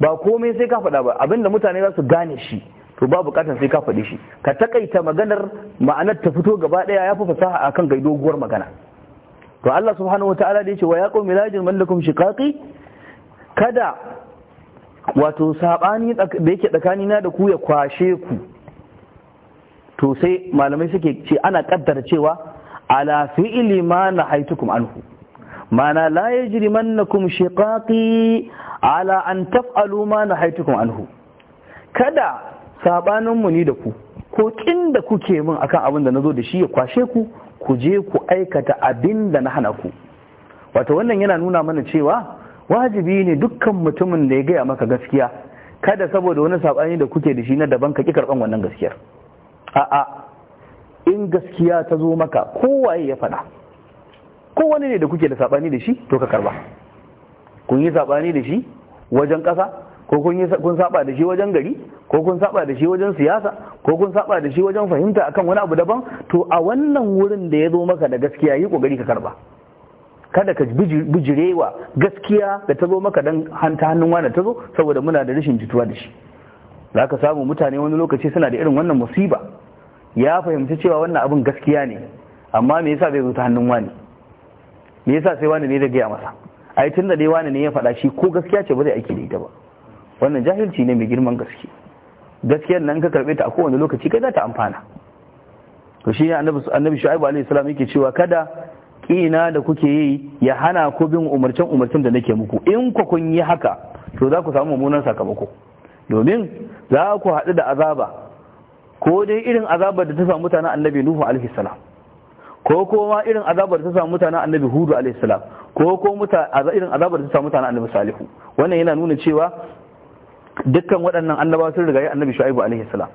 ba komai sai ka faɗa ba abinda mutane za su gane shi to ba bukatar sai ka faɗi shi ka takaita maganar ma'anar ta fito gaba ɗaya ya fi fasaha akan gai doguwar magana to Allah subhanahu wa ta'ala da yace wa ya qaumi la yajrim lakum shiqaqi kada wato sabani da yake tsakanina da ku ya kwashe ku to sai malamai suke ce ana kaddara cewa ala fi'li ma haitukum anhu mana la yajrimannakum shiqaqi ala an taf'alu ma nahaitukum anhu kada sabanin mu ni da ku ko kin da kuke min akan abin da na zo da shi ya kwashe ku ku je ku aikata abin da na hana ku wato wannan yana nuna mana cewa wajibi ne dukkan mutumin da ya gaya maka gaskiya kada saboda wani sabani da kuke da shi na daban ka ki karban wannan gaskiyar a'a in gaskiya ta zo maka kowaye ya faɗa kowane ne da kuke da saɓani da shi to ka karba kun yi saɓani da shi wajen ƙasa ko kun saba da shi wajen gari ko kun saba da shi wajen siyasa ko kun saba da shi wajen fahimta akan wani abu daban to a wannan wurin da ya zo maka da gaskiya yi kokari ka karba kada ka bijirewa gaskiya da ta zo maka dan hanta hannun wani ta zo saboda muna da rashin jituwa da shi za ka samu mutane wani lokaci suna da irin wannan musiba ya fahimci cewa wannan abin gaskiya ne amma me yasa bai zo ta hannun wani me yasa sai wani ne da gaya masa ai tun da dai wani ne ya faɗa shi ko gaskiya ce ba zai aiki da ita ba wannan jahilci ne mai girman gaske gaskiyar nan ka karɓe ta a kowane lokaci kai za ta amfana to shi ne annabi shu'aibu alaihi salam yake cewa kada kina da kuke yi ya hana ku bin umarcen umarcin da nake muku in ku kun yi haka to za ku samu mummunan sakamako domin za ku haɗu da azaba ko dai irin azabar da ta samu mutanen annabi nuhu alaihi salam ko kuma irin azabar da ta samu mutanen annabi hudu alaihi salam ko kuma irin azabar da ta samu mutanen annabi salihu wannan yana nuna cewa dukkan waɗannan annaba sun rigaye annabi shu'aibu alaihi salam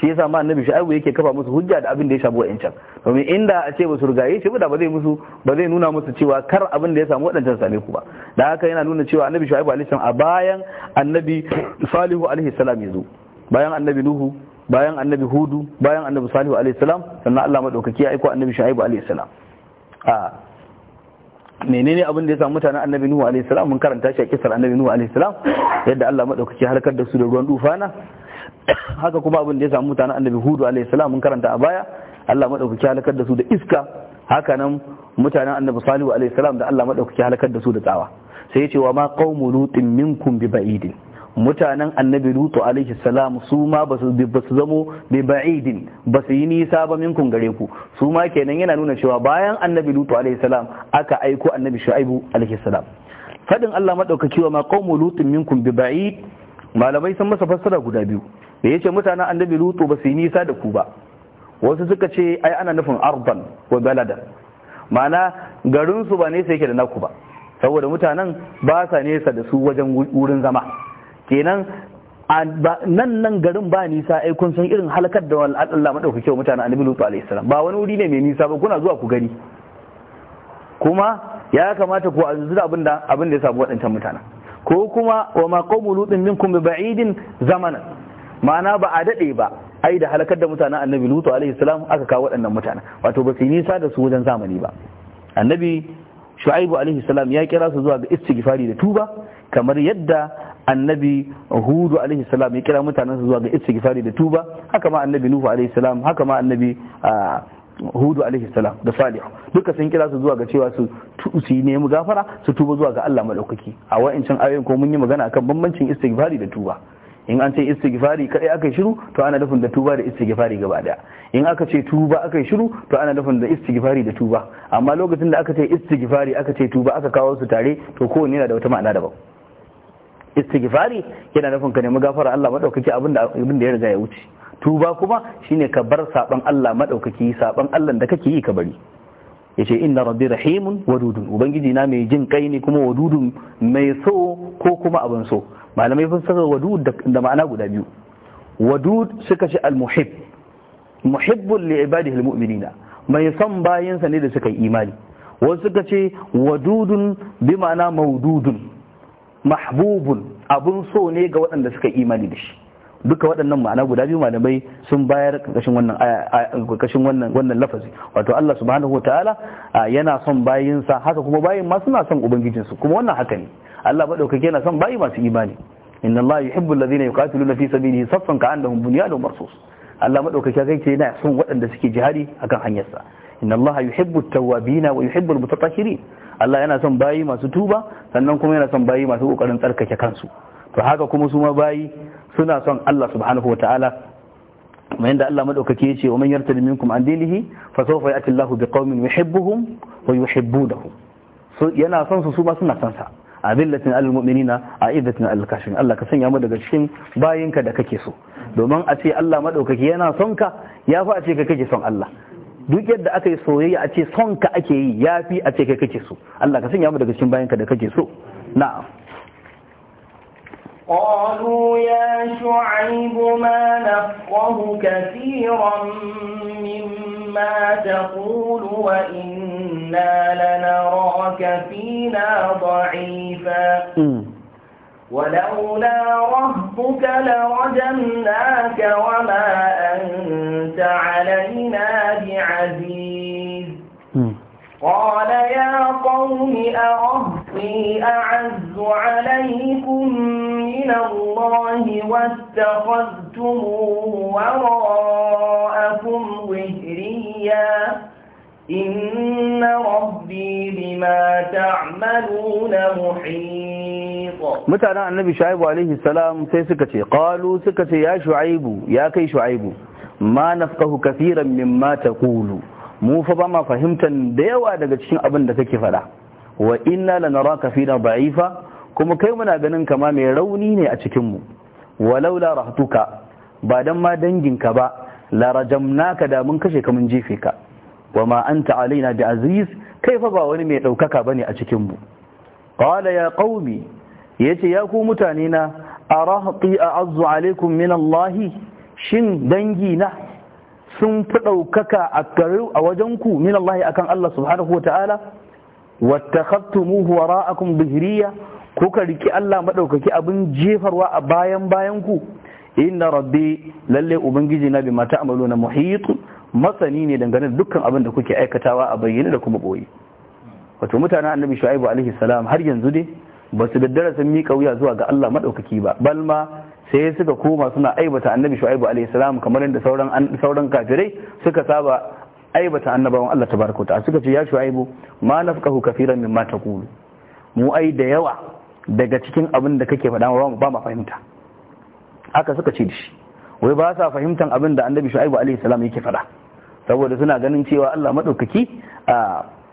shi yasa ma annabi shu'aibu yake kafa musu hujja da abin da ya shafi wa'ancan domin inda a ce ba su rigaye shi ba ba zai musu ba zai nuna musu cewa kar abin da ya samu waɗancan Salihu ku ba da haka yana nuna cewa annabi shu'aibu alaihi salam a bayan annabi salihu alaihi salam ya zo bayan annabi nuhu bayan annabi hudu bayan annabi salihu alaihi salam sannan Allah madaukaki ya aiko annabi shu'aibu alaihi salam a menene abin da ya samu mutanen annabi nuhu alaihi salam mun karanta shi a kisar annabi nuhu alaihi salam yadda Allah madaukaki halakar da su da ruwan dufana haka kuma abin da ya samu mutanen annabi hudu alaihi salam mun karanta a baya Allah madaukaki halakar da su da iska haka nan mutanen annabi salihu alaihi salam da Allah madaukaki halakar da su da tsawa sai ya ce wa ma qaumu lutin minkum bi ba'idin mutanen annabi lutu alaihi salam su ma ba su zamo bi ba'idin ba su yi nisa ba minkun gare ku su ma kenan yana nuna cewa bayan annabi lutu alaihi salam aka aiko annabi shu'aibu alaihi salam fadin Allah madaukaki wa ma qaumu lutin minkum bi ba'id malamai sun masa fassara guda biyu da yace mutanen annabi lutu ba su yi nisa da ku ba wasu suka ce ai ana nufin arban wa baladan ma'ana garin su ba nesa yake da naku ba saboda mutanen ba sa nesa da su wajen wurin zama kenan nan nan garin ba nisa ai kun san irin halakar da Allah madaukake wa mutanen Annabi Lutu alaihi salam ba wani wuri ne mai nisa ba kuna zuwa ku gani kuma ya kamata ku azuzu abin da abin da ya samu waɗancan mutanen ko kuma wa ma qawmu lutin minkum bi ba'idin zamana ma'ana ba a dade ba ai da halakar da mutanen Annabi Lutu alaihi salam aka kawo waɗannan mutanen wato ba su nisa da su wajen zamani ba Annabi shu'aibu alaihi salam ya kira su zuwa ga istighfari da tuba kamar yadda annabi hudu alaihi salam ya kira mutanen su zuwa ga istighfari da tuba haka ma annabi nuhu alaihi salam haka ma annabi hudu alaihi salam da salihu duka sun kira su zuwa ga cewa su su nemi gafara su tuba zuwa ga Allah madaukaki a wa'ancin ayoyin ko mun yi magana akan bambancin istighfari da tuba in an ce istighfari kadai aka shiru to ana nufin da tuba da istighfari gaba daya in aka ce tuba aka shiru to ana nufin da istighfari da tuba amma lokacin da aka ce istighfari aka ce tuba aka kawo su tare to kowanne yana da wata ma'ana daban istighfari yana nufin ka nemi gafara Allah madaukaki abinda da abin da ya riga ya wuce tuba kuma shine ka bar saban Allah madaukaki saban Allah da kake yi ka bari yace inna rabbi rahimun wadudun ubangiji na mai jin kai ne kuma wadudun mai so ko kuma abin so malamai fassarar saka wadud da ma'ana guda biyu wadud suka ce al-muhib muhibbun li ibadihi al-mu'minina mai son bayansa ne da suka yi imani wasu suka ce wadudun bi ma'ana maududun mahbubun abun so ne ga waɗanda suka yi imani da shi duka waɗannan ma'ana guda biyu malamai sun bayar ƙarƙashin wannan ƙarƙashin wannan wannan lafazi wato Allah subhanahu wataala yana son bayinsa haka kuma bayin ma suna son ubangijinsu kuma wannan haka ne Allah madaukake yana son bayi masu imani inna Allah yuhibbu alladhina yuqatiluna fi sabilihi saffan ka'annahum bunyanun marsus Allah madaukake kai ce yana son waɗanda suke jihadi akan hanyarsa inna Allah yuhibbu at-tawwabina wa yuhibbu al-mutatahhirin Allah yana son bayi masu tuba sannan kuma yana son bayi masu kokarin tsarkake kansu to haka kuma su ma bayi suna son Allah subhanahu wa ta'ala kamar yadda Allah madaukake yace wa man yartad minkum an dinihi fa sawfa ya'ti Allahu biqaumin yuhibbuhum wa yuhibbunahu so yana son su su ba suna son sa azillatin alal mu'minina a'idatin alal kafirin Allah ka sanya mu daga cikin bayinka da kake so domin a ce Allah madaukake yana son ka ya fi a ce ka kake son Allah duk yadda aka yi soyayya a ce son ka ake yi ya fi a ce ka kake so Allah ka sanya mu daga cikin bayinka da kake so na'am
قالوا يا شعيب ما نفقه كثيرا مما تقول وإنا لنراك فينا ضعيفا ولولا رهبك لرجمناك وما أنت علينا بعزيز قال يا قوم أرهب ربي أعز عليكم من الله واتخذتموه وراءكم ظهريا إن ربي بما تعملون محيط متى
النبي شعيب عليه السلام سيسكتي قالوا سكتي يا شعيب يا كي شعيب ما نفقه كثيرا مما تقول mu fa ba ma fahimtar da yawa daga cikin abin da kake fada wa inna lanaraka fina da'ifa kuma kai muna ganin kama mai rauni ne a cikin mu walaula rahtuka ba dan ma danginka ba la rajamnaka da mun kashe ka mun jefe ka wama anta alaina bi aziz kai fa ba wani mai daukaka bane a cikin mu qala ya qaumi yace ya ku mutane na arahti a'azzu alaikum min Allah shin dangi na sun fi daukaka a a wajen ku min Allah akan Allah subhanahu wataala wattakhadtumuhu wara'akum bihriya ka riki Allah maɗaukaki abin jefarwa a bayan bayan ku inna rabbi lalle ubangiji na bi mata amalo na muhit masani ne dangane da dukkan abin da kuke aikatawa a bayyane da kuma boye wato mutanen annabi shu'aibu alaihi salam har yanzu dai ba su daddara sun mika wuya zuwa ga Allah maɗaukaki ba balma sai suka koma suna aibata annabi shu'aibu alaihi salam kamar yadda sauran sauran kafirai suka saba aibata annabawan Allah ta wa ta'ala suka ce ya shu'aibu ma nafqahu kafiran mimma taqulu mu ai da yawa daga cikin abin da kake faɗa ba ma fahimta haka suka ce da shi wai ba sa fahimtan abin da annabi shu'aibu alaihi salam yake faɗa saboda suna ganin cewa Allah madaukaki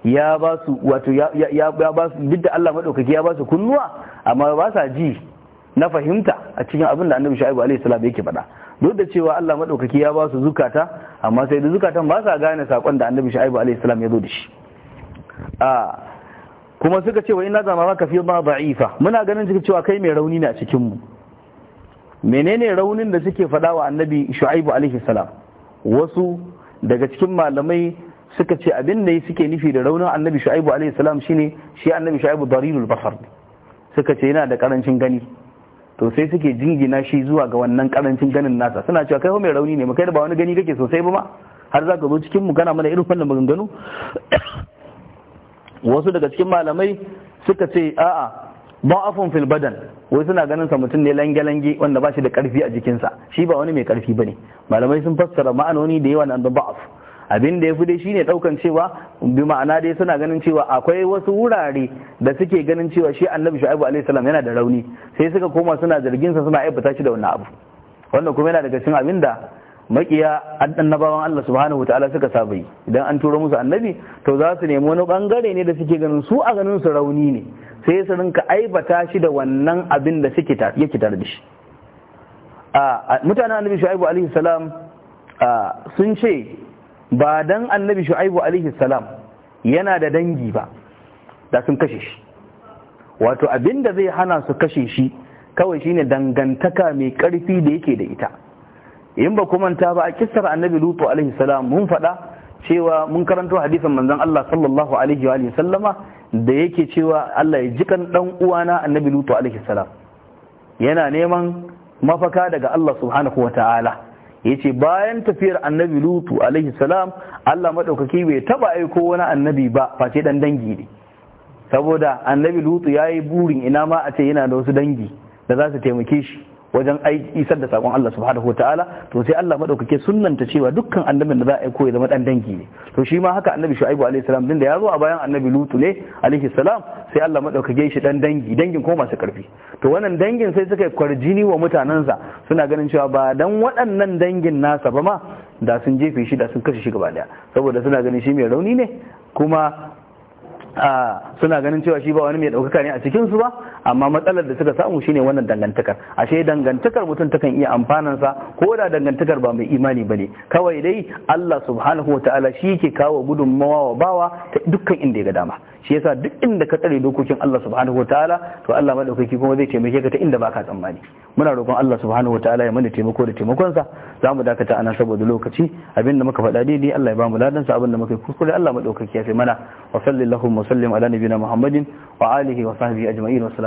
ya ba su wato ya ba su duk da Allah madaukaki ya ba su kunnuwa amma ba sa ji na fahimta a cikin abin da annabi shu'aibu alaihi salam yake faɗa duk da cewa Allah maɗaukaki ya ba su zukata amma sai da zukatan ba sa gane sakon da annabi Shu'aibu alayhi salam ya zo da shi a kuma suka ce wa inna zama ka fi ma da'ifa muna ganin cikin cewa kai mai rauni ne a cikin mu menene raunin da suke faɗa wa annabi shu'aibu alayhi salam wasu daga cikin malamai suka ce abin da suke nufi da raunin annabi shu'aibu alayhi salam shine shi annabi shu'aibu darilul basar suka ce yana da karancin gani to sai suke jingina shi zuwa ga wannan karancin ganin nasa suna cewa kai mai rauni ne kai da ba wani gani kake sosai ba ma har za ka zo cikin mu kana mana irin fannin maganganu wasu daga cikin malamai suka ce a'a ba'afin fil badan wai suna ganin sa mutum ne lange-lange wanda ba shi da karfi a jikinsa shi ba wani mai karfi bane malamai sun fassara ma'anoni da yawa na ba'af. abin da ya fi dai shine daukan cewa bi ma'ana dai suna ganin cewa akwai wasu wurare da suke ganin cewa shi annabi shu'aibu alaihi salam yana da rauni sai suka koma suna zargin sa suna aibata shi da wannan abu wannan kuma yana daga cikin abin da makiya annabawan Allah subhanahu ta'ala suka saba yi idan an turo musu annabi to za su nemi wani bangare ne da suke ganin su a ganin su rauni ne sai su rinka aibata shi da wannan abin da suke yake tare da shi a mutanen annabi shu'aibu alaihi salam sun ce ba dan annabi shu'aibu alaihi salam yana da dangi ba da sun kashe shi wato abinda zai hana su kashe shi kawai shine dangantaka mai karfi da yake da ita in ba manta ba a kissar annabi lutu alaihi salam mun faɗa cewa mun karanto hadisin manzon Allah sallallahu alaihi wa sallama da yake cewa Allah ya jikan dan uwana annabi lutu alaihi salam yana neman mafaka daga Allah subhanahu wa ta'ala yace bayan tafiyar annabi lutu alaihi salam Allah madaukaki bai taba aiko wani annabi ba face dan dangi ne saboda annabi lutu ya yi burin ina ma a ce yana da wasu dangi da za su taimake shi wajen isar da sakon Allah subhanahu wa ta'ala to sai Allah madaukake sunnanta cewa dukkan annabin da za a aiko zama dan dangi ne to shi ma haka annabi shu'aibu alaihi salam din da ya zo a bayan annabi lutu ne alaihi salam sai Allah madaukake shi dan dangi dangin ko masu karfi to wannan dangin sai suka kwarjini wa mutanansa suna ganin cewa ba dan waɗannan dangin nasa ba ma da sun jefe shi da sun kashe shi gaba daya saboda suna ganin shi mai rauni ne kuma suna ganin cewa shi ba wani mai ɗaukaka ne a cikinsu ba amma matsalar da suka samu shine wannan dangantakar ashe dangantakar mutum takan iya amfanansa ko da dangantakar ba mai imani bane kawai dai Allah subhanahu wataala shi ke kawo gudunmawa wa bawa ta dukkan inda ya ga dama shi yasa duk inda ka tsare dokokin Allah subhanahu wataala to Allah madaukaki kuma zai taimake ka ta inda baka tsammani muna roƙon Allah subhanahu wataala ya mana taimako da taimakonsa za mu dakata anan saboda lokaci abin da muka faɗa daidai Allah ya ba ladan sa abin da muka kuskure Allah madaukaki ya fi mana wa sallallahu wa sallim ala nabiyina Muhammadin wa alihi wa sahbihi ajma'in wa